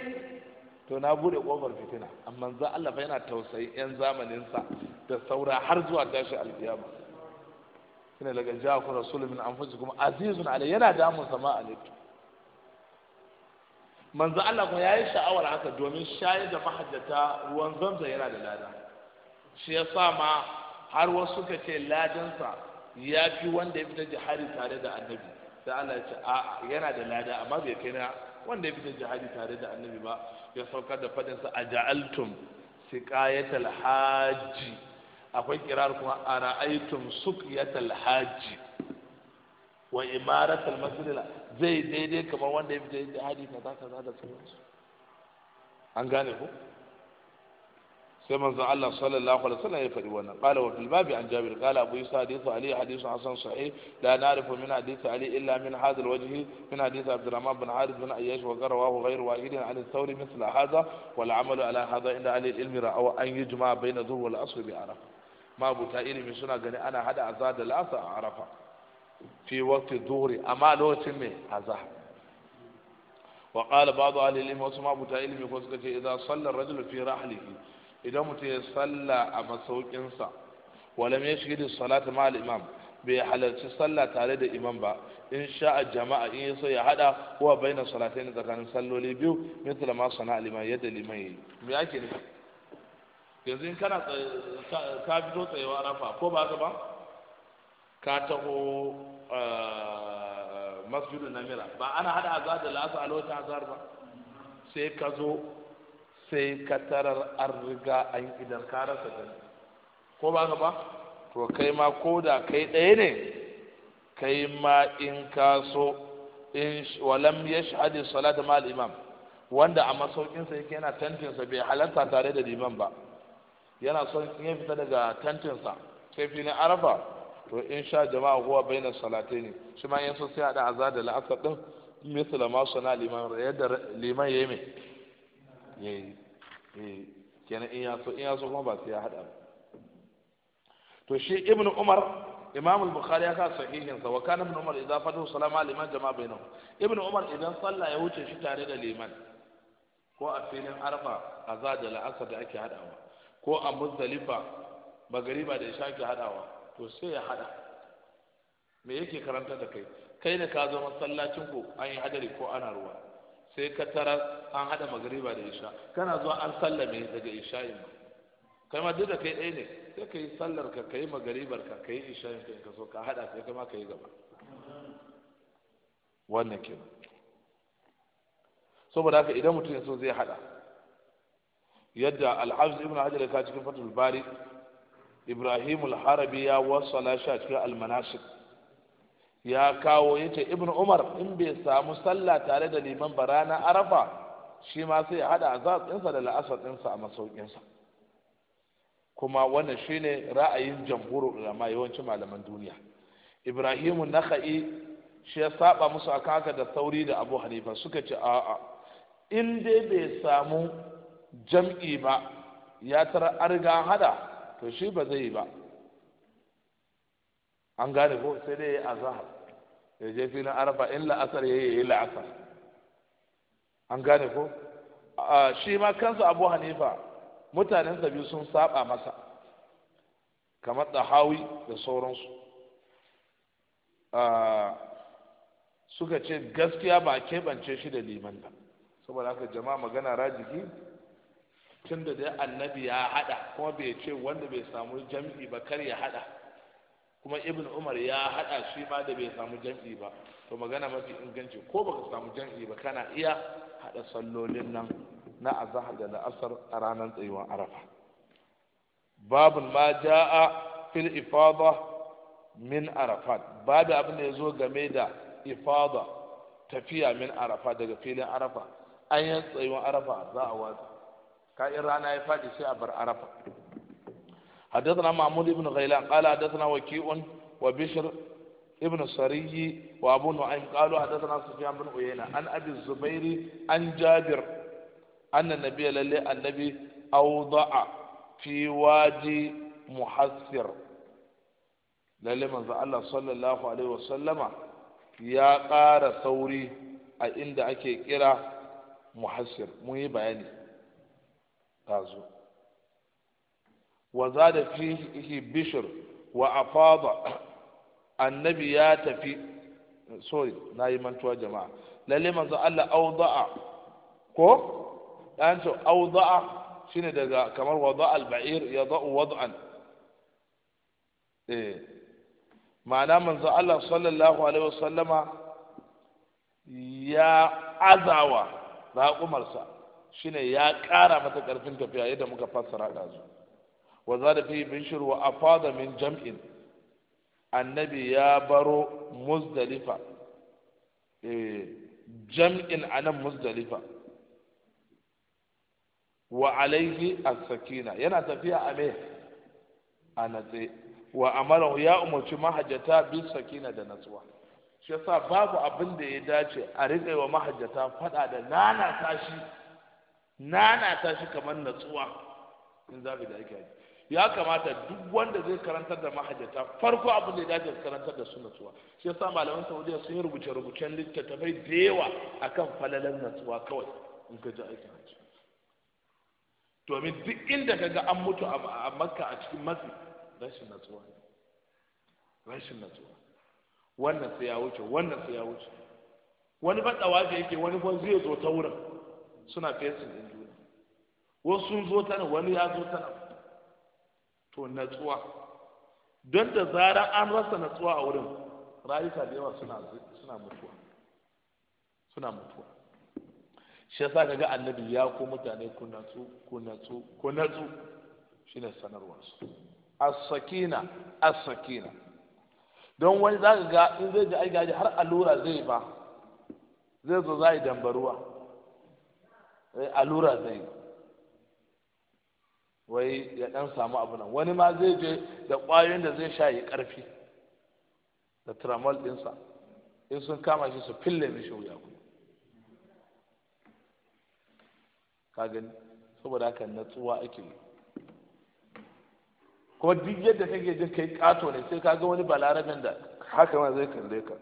to na bude kofar fitina amma za Allah yana tausayi yan zamaninsa da saura har zuwa tashi alkiyama shine daga ja'aku rasulun min kuma azizun alai yana damun sama alaikum manzo Allah kuma yayi sha'awar haka domin shayar da mahajjata ruwan zamzam yana da lada shi ya sa ma har wasu suka ce ladansa ya fi wanda ya fita jihadi tare da annabi sai Allah ya ce a'a yana da lada amma bai kai na wanda ya fita jihadi tare da annabi ba ya saukar da fadin sa aja'altum siqayatal haji akwai kirar kuma ara'aytum suqyatal haji wa imaratal masjidil zai daidai kamar wanda ya fita jihadi kaza kaza da sauransu an gane ko sai manzon Allah sallallahu alaihi wasallam ya faɗi wannan qala wa fil babi an jabir qala abu isa hadithu ali hadithu hasan sahih la na'rifu min hadith ali illa min hadha alwajh min hadith abdurrahman bin harith bin ayyash wa garawahu ghayr wahid an al-thawri mithla hadha wal amal ala hadha inda ali al-ilmi ra'a an yujma bayna dhuhr wal asr bi arafa ma buta ilimi suna gani ana hada azhar da lasa a arafa fi waqti dhuhri amma lokacin me azhar وقال بعض أهل العلم وسمع بتائل من فسكة إذا صلى الرجل في رحله idan mutum ya salla a masaukinsa wala ya shiga da salatu ma imam bai halarci salla tare da imam ba in sha'a jama'a in yaso ya hada na salatai na tsakanin salloli biyu da masu sana liman yadda liman yi me ake nufi yanzu in kana ka fito tsayewa arafa ko ba ka ba ka taho eh, masjidun namira ba ana hada azhar da lasa a lokacin azhar ba sai ka zo sai ka tarar an riga an idan ka rasa gani ko ba ka ba to kai ma ko da kai ɗaya ne kai ma in ka so in walam shahadi salata ma imam wanda a masaukinsa yake yana tantinsa bai halarta tare da liman ba yana son in ya fita daga tantinsa sai filin arafa to in sha jama'a huwa baina salatai ne shi ma yin so sai hada azar da la'asar din misala suna liman yadda liman ya yi mai yayi Eh, kenan in ya so in so kuma ba sai ya hada ba to shi ibnu umar imam bukhari ya ka sahihin sa wa kana ibn umar idza fatahu salama liman jama'a bainahu ibn umar idan sallah ya wuce shi tare da liman ko a filin arfa azada da la'asar da ake hadawa ko a muzdalifa magariba da isha ake hadawa to sai ya hada me yake karanta da kai kai da ka zo masallacin ku an yi hadari ko ana ruwa sai ka tara an haɗa magariba da isha kana zuwa an sallame daga isha'in kai ma duk da kai ɗaya ne sai ka yi sallar ka ka yi magaribar ka ka yi isha'in ka ka so ka haɗa sai kama ka yi gaba wannan kenan saboda haka idan mutum ya so zai haɗa yadda al ibn hajar ka cikin fatul bari ibrahim al-harabi ya wasala shi a cikin al-manasik ya kawo ya ce ibn umar in bai samu sallah tare da liman ba rana arafa shi ma sai ya hada azab ɗinsa da la'asar ɗinsa a masaukinsa kuma wannan shine ra'ayin jamhurul ulama yawancin malaman duniya ibrahimu naka'i shi ya saba musu a haka da sauri da abu hanifa suka ce a'a in dai bai samu jam'i ba ya tara arga hada to shi ba zai yi ba an gane ko sai dai a zahar ya je filin arafa in la'asar ya yi la'asar an gane ko shi ma kansa abu hanifa mutanensa biyu sun saba masa kamar da hawi da sauransu suka ce gaskiya ba keɓance shi da liman ba saboda haka jama'a magana rajiki tun da dai annabi ya haɗa kuma bai ce wanda bai samu jam'i ba kar ya haɗa kuma ibn umar ya hada shi ma da bai samu jam'i ba to magana mafi inganci ko baka samu jam'i ba kana iya hada sallolin nan na azhar da asar a ranar tsayuwar arafa babun ma ja'a fil ifada min arafat babu abin da yazo game da ifada tafiya min arafa daga filin arafa an yi tsayuwar arafa za a watsa ka in rana ya faɗi sai a bar arafa حدثنا محمود بن غيلان قال حدثنا وكيء وبشر ابن سري وابو نعيم قالوا حدثنا سفيان بن عيينة عن ابي الزبير عن جابر ان النبي للي النبي اوضع في وادي محسر للي من الله صلى الله عليه وسلم يا قار ثوري عند اكي كرا محسر مو بياني تازو wa zada fihi bishr wa afada annabi ya tafi na yi mantuwa jama'a lalle Allah awda'a ko dan to awda'a shine daga kamar wada'a al-ba'ir yada'u wad'an eh ma'ana manzo Allah sallallahu alaihi wasallama ya azawa raƙumarsa shine ya ƙara mata ƙarfin tafiya yadda muka fassara da wa zada fi bishir wa afada min jam'in annabi ya baro muzdalifa eh, jam'in anan muzdalifa wa alaihi as-sakina yana tafiya a me a natse wa amara ya umarci mahajjata bis sakina da natsuwa shi yasa babu abin da ya dace a riƙe wa mahajjata faɗa da nana tashi nana tashi kamar natsuwa in za ka da ake ya kamata duk wanda zai karantar da mahajjata farko abin da ya dace karantar da su natsuwa shi yasa malaman saudiya sun yi rubuce rubucen littattafai da yawa akan falalan natsuwa kawai in ka ji aikin hajji domin duk inda ka ga an mutu a makka a cikin matsi rashin natsuwa rashin natsuwa wannan sai ya wuce wannan sai ya wuce wani ba tsawaje yake wani kuma zai zo ta wurin suna fesin injuna juna wasu sun zo ta nan wani ya zo ta nan to natsuwa don da zarar an rasa natsuwa a wurin rayuka da yawa suna mutuwa suna mutuwa shi yasa ga annabi ya ko mutane ku natsu ku natsu ku natsu shine sanarwar su as-sakina as-sakina don wani za ka ga in zai ji aiki har allura zai ba zai zo za yi dambaruwa eh, allura zai yi wai ya dan samu abu nan wani ma zai je da ƙwayoyin da zai sha yi ƙarfi da tramol ɗinsa in sun kama shi su fille mishi wuya kuma ka gani saboda haka natsuwa ake yi kuma duk yadda kake jin kai kato ne sai ka ga wani balarabin da haka ma zai kalle ka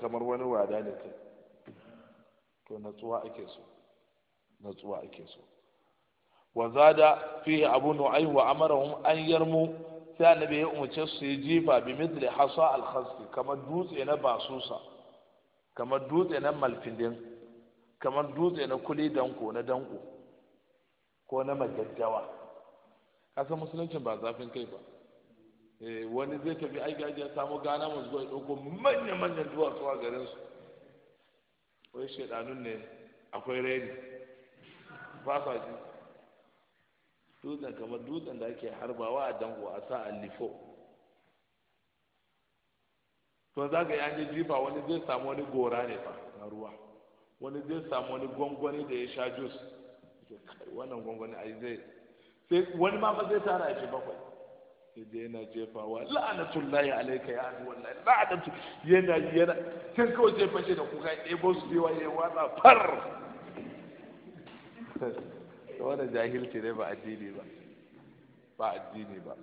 kamar wani wada ne kai to natsuwa ake so natsuwa ake so wa zada fihi abu nu'aym wa amarahum an yarmu sai annabi ya umarce su yi jifa bi mithli hasa al kamar dutse na basusa kamar dutse na malfidin kamar dutse na kuli danko na danko ko na majaddawa kasan musuluncin ba zafin kai ba eh, wani zai tafi aiki aiki ya samu gana mu zuwa ɗauko manya-manyan duwatsu a garin su wai shaidanun ne akwai reni ba sa ji dutsen kamar dutsen da ake harbawa a dango a sa allifo to za ka yi an jifa wani zai samu wani gora ne fa na ruwa wani zai samu wani gwangwani da ya sha jus wannan gwangwani yi zai sai wani ma ba zai tara ya ce bakwai sai dai yana jefawa la'anatun layi alaika ya hadu wallahi la'anatun yana yana sai kawai jefa shi da kuka ebo su yawa ya watsa far wannan jahilci ne ba addini ba ba addini ba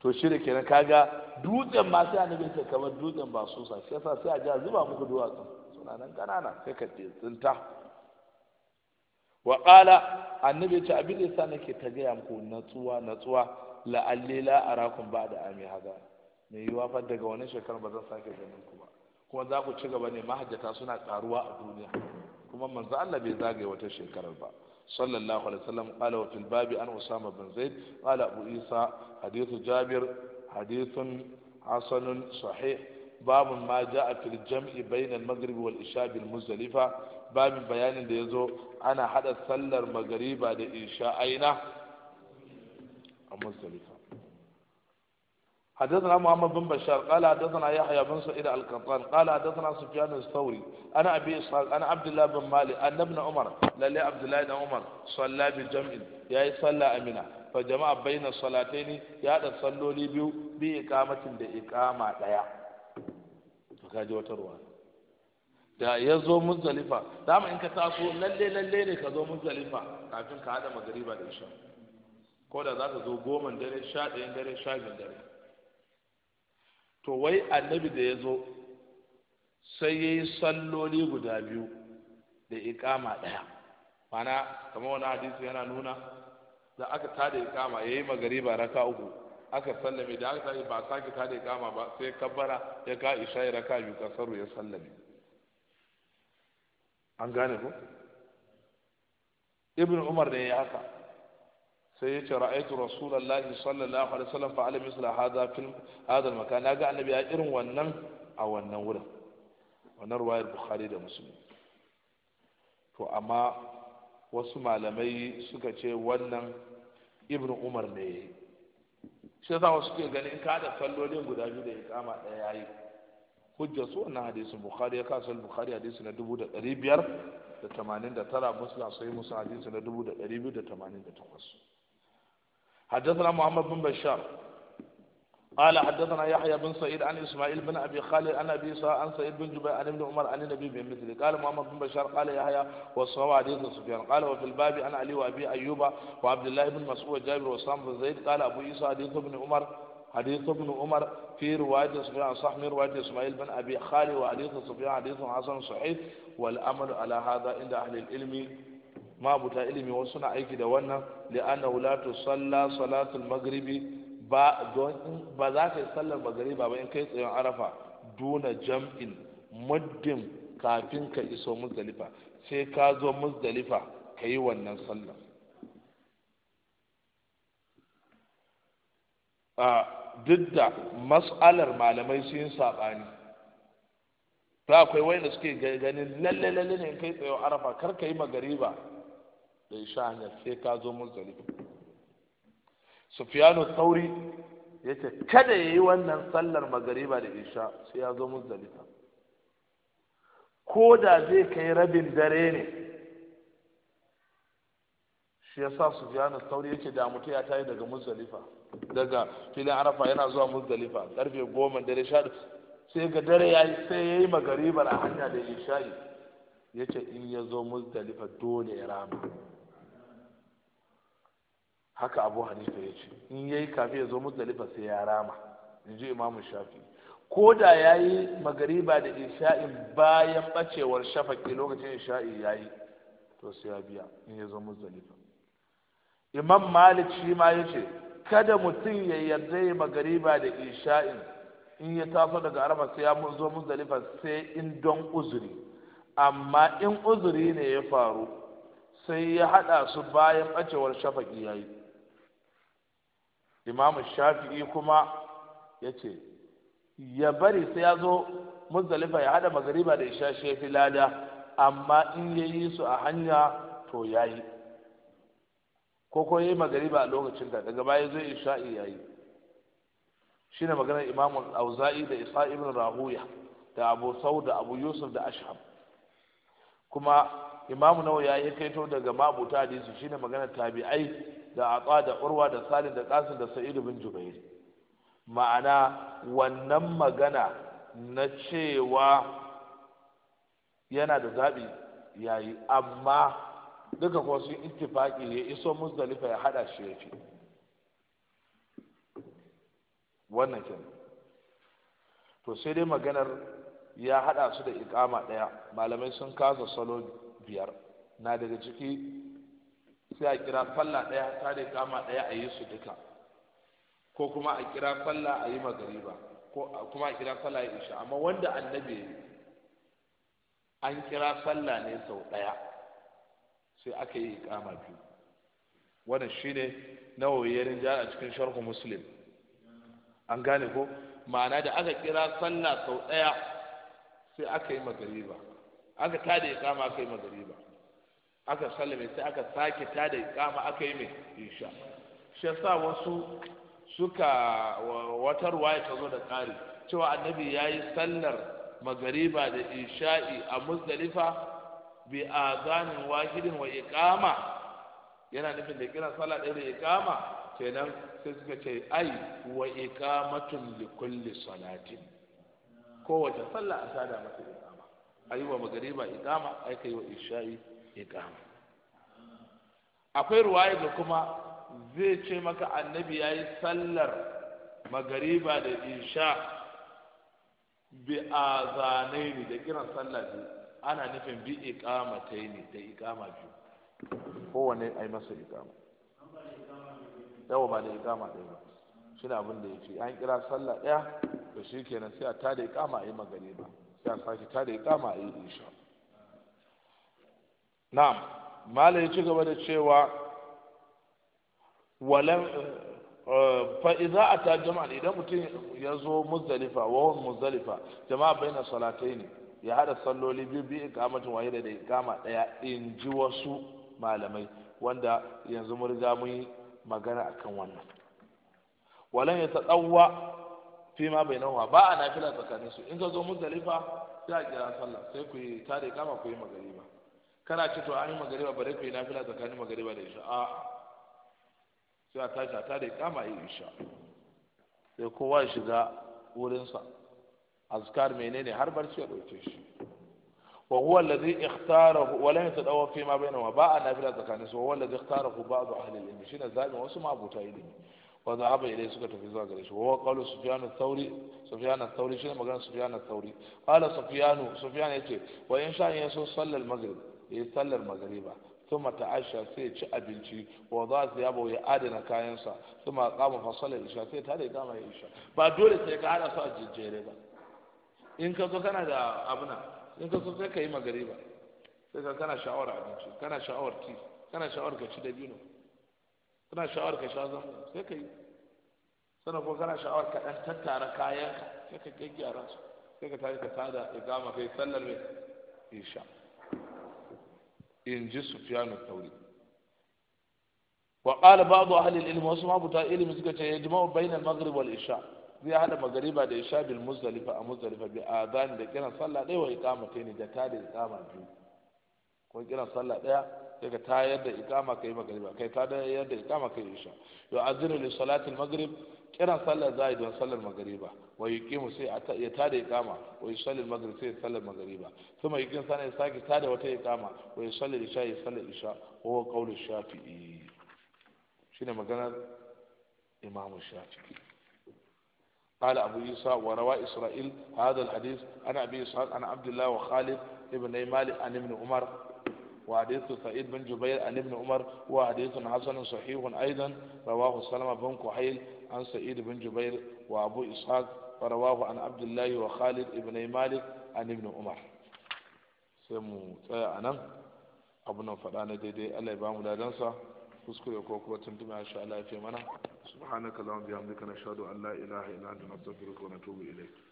to shi da kenan kaga dutsen ma sai annabi ce kamar dutsen ba sosa shi yasa sai a ja zuba muku duwatsu suna nan kanana sai ka tsinta wa qala annabi ce abin da yasa nake ta gaya muku natsuwa natsuwa la'alli la arakum ba'da ami hada me yiwa fa daga wani shekarar ba zan sake ganin ku ba kuma za ku ci gaba ne mahajjata suna karuwa a duniya kuma manzo Allah bai zagaye wata shekarar ba صلى الله عليه وسلم قال وفي الباب عن أسامة بن زيد قال أبو عيسى حديث جابر حديث حسن صحيح باب ما جاء في الجمع بين المغرب والعشاء بالمزدلفة باب بيان da yazo ana hada sallar magariba da isha aina a muzdalifa حدثنا محمد بن بشار قال حدثنا يحيى بن سعيد القطان قال حدثنا سفيان الثوري انا ابي اسحاق انا عبد الله بن مالك ان ابن عمر للي عبد الله بن عمر صلى بالجمع يا صلى امنا فجمع بين الصلاتين يا ده صلولي بيو بإقامة ده إقامة ديا kaji wata ruwa da ya zo muzdalifa dama in ka taso lalle lalle ne ka zo muzdalifa kafin ka hada magariba da isha ko da za ka zo goma dare sha ɗayan dare sha biyun dare to wai annabi da ya zo sai ya yi salloli guda biyu da ikama ɗaya mana kamar wani hadisi yana nuna da aka tada ikama ya yi ba raka uku aka sallame da aka yi ba sake tada ikama ba sai kabbara ya ka isha ya raka biyu kasaru ya sallame an gane ko ibn umar ne ya haka sai ya ce ra'aitu rasulullahi sallallahu alaihi wasallam fa alim isla hada fil hada makan naga annabi ya irin wannan a wannan wurin wannan ruwayar bukhari da muslim to amma wasu malamai suka ce wannan ibnu umar ne shi yasa wasu ke ganin ka da sallolin guda biyu da iqama daya yayi hujja su wannan hadisin bukhari ya kasa bukhari hadisi na 1589 muslim sai musa hadisi na 2288 حدثنا محمد بن بشار قال حدثنا يحيى بن سعيد عن اسماعيل بن ابي خالد عن ابي عن سعيد بن جبير عن ابن عمر عن النبي بمثله قال محمد بن بشار قال يحيى وصواب حديث سفيان قال وفي الباب عن علي وابي ايوب وعبد الله بن مسعود جابر وسام بن زيد قال ابو عيسى حديث ابن عمر حديث ابن عمر في رواية سفيان صح من رواية إسماعيل بن أبي خالد وحديث سفيان حديث حسن صحيح والامر على هذا عند أهل العلم mabuta ilimi wasu suna aiki da wannan li'annahu la tusalla salatul maghribi ba don ba za ka yi sallar maghriba ba in kai tsayon arafa duna jam'in muddin kafin ka iso muzdalifa sai ka zo muzdalifa ka yi wannan sallar duk da mas'alar malamai su yi saɓani ta akwai wanda suke ganin lalle lalle ne kai tsayo arafa kar ka yi magariba da isha hanyar sai ka zo muzdalifa sufiyanu sauri ya ce kada ya yi wannan sallar magariba da isha sai ya zo muzdalifa ko da zai kai rabin dare ne shi ya sa sufiyanu sauri ya ce da mutu ya tayi daga muzdalifa daga filin arafa yana zuwa muzdalifa karfe goma dare sha sai ga dare ya yi sai ya yi magaribar a hanya da isha'i ya ce in ya zo muzdalifa dole ya rama haka abu hanifa ya ce in yayi kafi ya zo muzdalifa sai ya rama in ji imamu shafi ko da ya yi magariba da isha'in bayan bacewar shafaki lokacin isha'i ya yi to sai ya biya in ya zo muzdalifa imam malik shi ma ya ce kada mutum ya yarda ya magariba da isha'in in ya taso daga arafa sai ya zo muzdalifa sai in don uzuri amma in uzuri ne ya faru sai ya haɗa su bayan ɓacewar shafaƙi ya yi imam shafi'i kuma ya ce ya bari sai ya zo muzdalifa ya hada magariba da isha shefi lada amma in ya yi su a hanya to ya yi ko ko ya yi magariba a lokacin da daga baya zai isha'i ya yi shi ne maganar imam auza'i da isa ibn rahuya da abu sau da abu yusuf da ashab kuma imamu nawa ya yi kaito daga mabuta hadisi shine maganar tabi'ai da atsa da urwa da salim da kasin da Sa'idu bin jubair ma'ana wannan magana na cewa yana da zaɓi yayi amma duka kuwa sun ittifaƙi ya iso musdalifa ya haɗa shi ya fi wannan kenan to sai dai maganar ya haɗa su da iƙama ɗaya malamai sun kasa salo biyar na daga ciki sai a kira sallah ɗaya ta da kama ɗaya a yi su duka ko kuma a kira sallah a yi magariba ko kuma a kira sallah a yi isha amma wanda annabi an kira sallah ne sau ɗaya sai aka yi kama biyu wannan shine nawoyin jihar a cikin sharhu muslim an gane ko ma'ana da aka kira sallah sau ɗaya sai aka yi magariba aka tada ya kama aka yi magariba aka sallame sai aka sake ta da ikama aka yi mai isha shi sa wasu suka wata ya tazo da ƙari cewa annabi ya yi sallar magariba da isha'i a muzdalifa bi azanin wahidin wa iqama yana nufin da kiran sala ɗaya da iqama kenan sai suka ce ai wa iqamatun li kulli salatin kowace sallah a sada mata iqama ayi wa magariba iqama ai kai wa isha'i iqama akwai ruwaya da kuma zai ce maka annabi ya yi sallar magariba da isha bi zanai ne da kiran sallar bi ana nufin bi yi ne da ikama biyu kowane a yi masa ikama, yawa ba da ikama ɗaya ba shi na abin da ya ce an kira sallar ɗaya to shi kenan sai a tada ikama a yi magariba sai a sake tada ikama a yi isha na'am malai ya ci gaba da cewa walam eh, fa idza ata jama'a idan mutum ya zo muzdalifa wa huwa muzdalifa jama'a baina salataini ya hada salloli biyu bi ikamatin wahida da dai-kama daya in ji wasu malamai wanda yanzu mun riga mun yi magana akan wannan walan ya tadawwa fi ma bainahuma ba a nafila tsakanin su in ka zo muzdalifa sai a kira sallah sai ku yi tare kama ku yi magariba kana ce to an yi magariba bare ku yi nafila tsakanin magariba da isha a sai a tashi a tada kama yi isha sai kowa ya shiga wurinsa azkar menene har barci ya ɗauke shi wa huwa alladhi ikhtarahu wa lam yatadawa fi ma bainahuma ba a nafila tsakanin su wa huwa alladhi ikhtarahu ba'd ahli al-ilm shine zabin wasu ma mabuta ilimi wa zahaba ilai suka tafi zuwa gare shi wa huwa qawlu sufyan ath-thawri sufyan ath-thawri shine magana sufyan ath-thawri qala sufyan sufyan yace wa in sha yaso sallal maghrib ya yi sallar magariba ثم تعشى سي ci abinci wa za su yabo ya adana kayansa kuma kama fasalar isha sai ta da kama ya isha ba dole sai ka hada su a jejjere ba in ka so kana da abuna in ka so sai ka yi magariba sai ka kana sha'awar abinci kana sha'awar ti kana sha'awar ka ci dabino kana sha'awar ka sha zama sai ka yi sannan ko kana sha'awar ka dan tattara kayanka sai ka gyaggyara su sai ka tare ka sada ya kama kai sallar mai isha in ji sufiyanu tauri wa qala ba'du ahli al-ilm wasu mabuta ilimi suka ce yajma'u bayna al-maghrib wal isha zai hada magariba da isha bil muzdalifa a muzdalifa bi adhan da kiran sallah ɗaya wa ni da ta da iqama biyu ko kiran sallah ɗaya sai ka tayar da iqama kai magariba kai ta da yadda iqama kai isha yu'adhiru li salati al-maghrib kira sallar zai a yi don sallar magariba wa yuqimu sai ya tada iqama wai sallar maghrib sai sallar magariba kuma yuqim sana ya sake tada wata iqama wai sallar isha ya sallar isha wa huwa qawlu shafi'i shine maganar imam shafi'i قال أبو عيسى وروى إسرائيل هذا الحديث عن أبي إسحاق عن عبد الله وخالد ابن مالك عن ابن عمر وحديث سعيد بن جبير عن ابن عمر وحديث حسن صحيح أيضا رواه سلمة بن كحيل عن سعيد بن جبير وأبو إسحاق ورواه عن عبد الله وخالد ابن مالك عن ابن عمر سمو تايا أنا nan فدانا دي دي الله bamu لادنسا kuskure ko kuma tuntuma ya sha Allah ya fi mana subhanaka allahumma bihamdika nashhadu an la ilaha illa anta nastaghfiruka wa natubu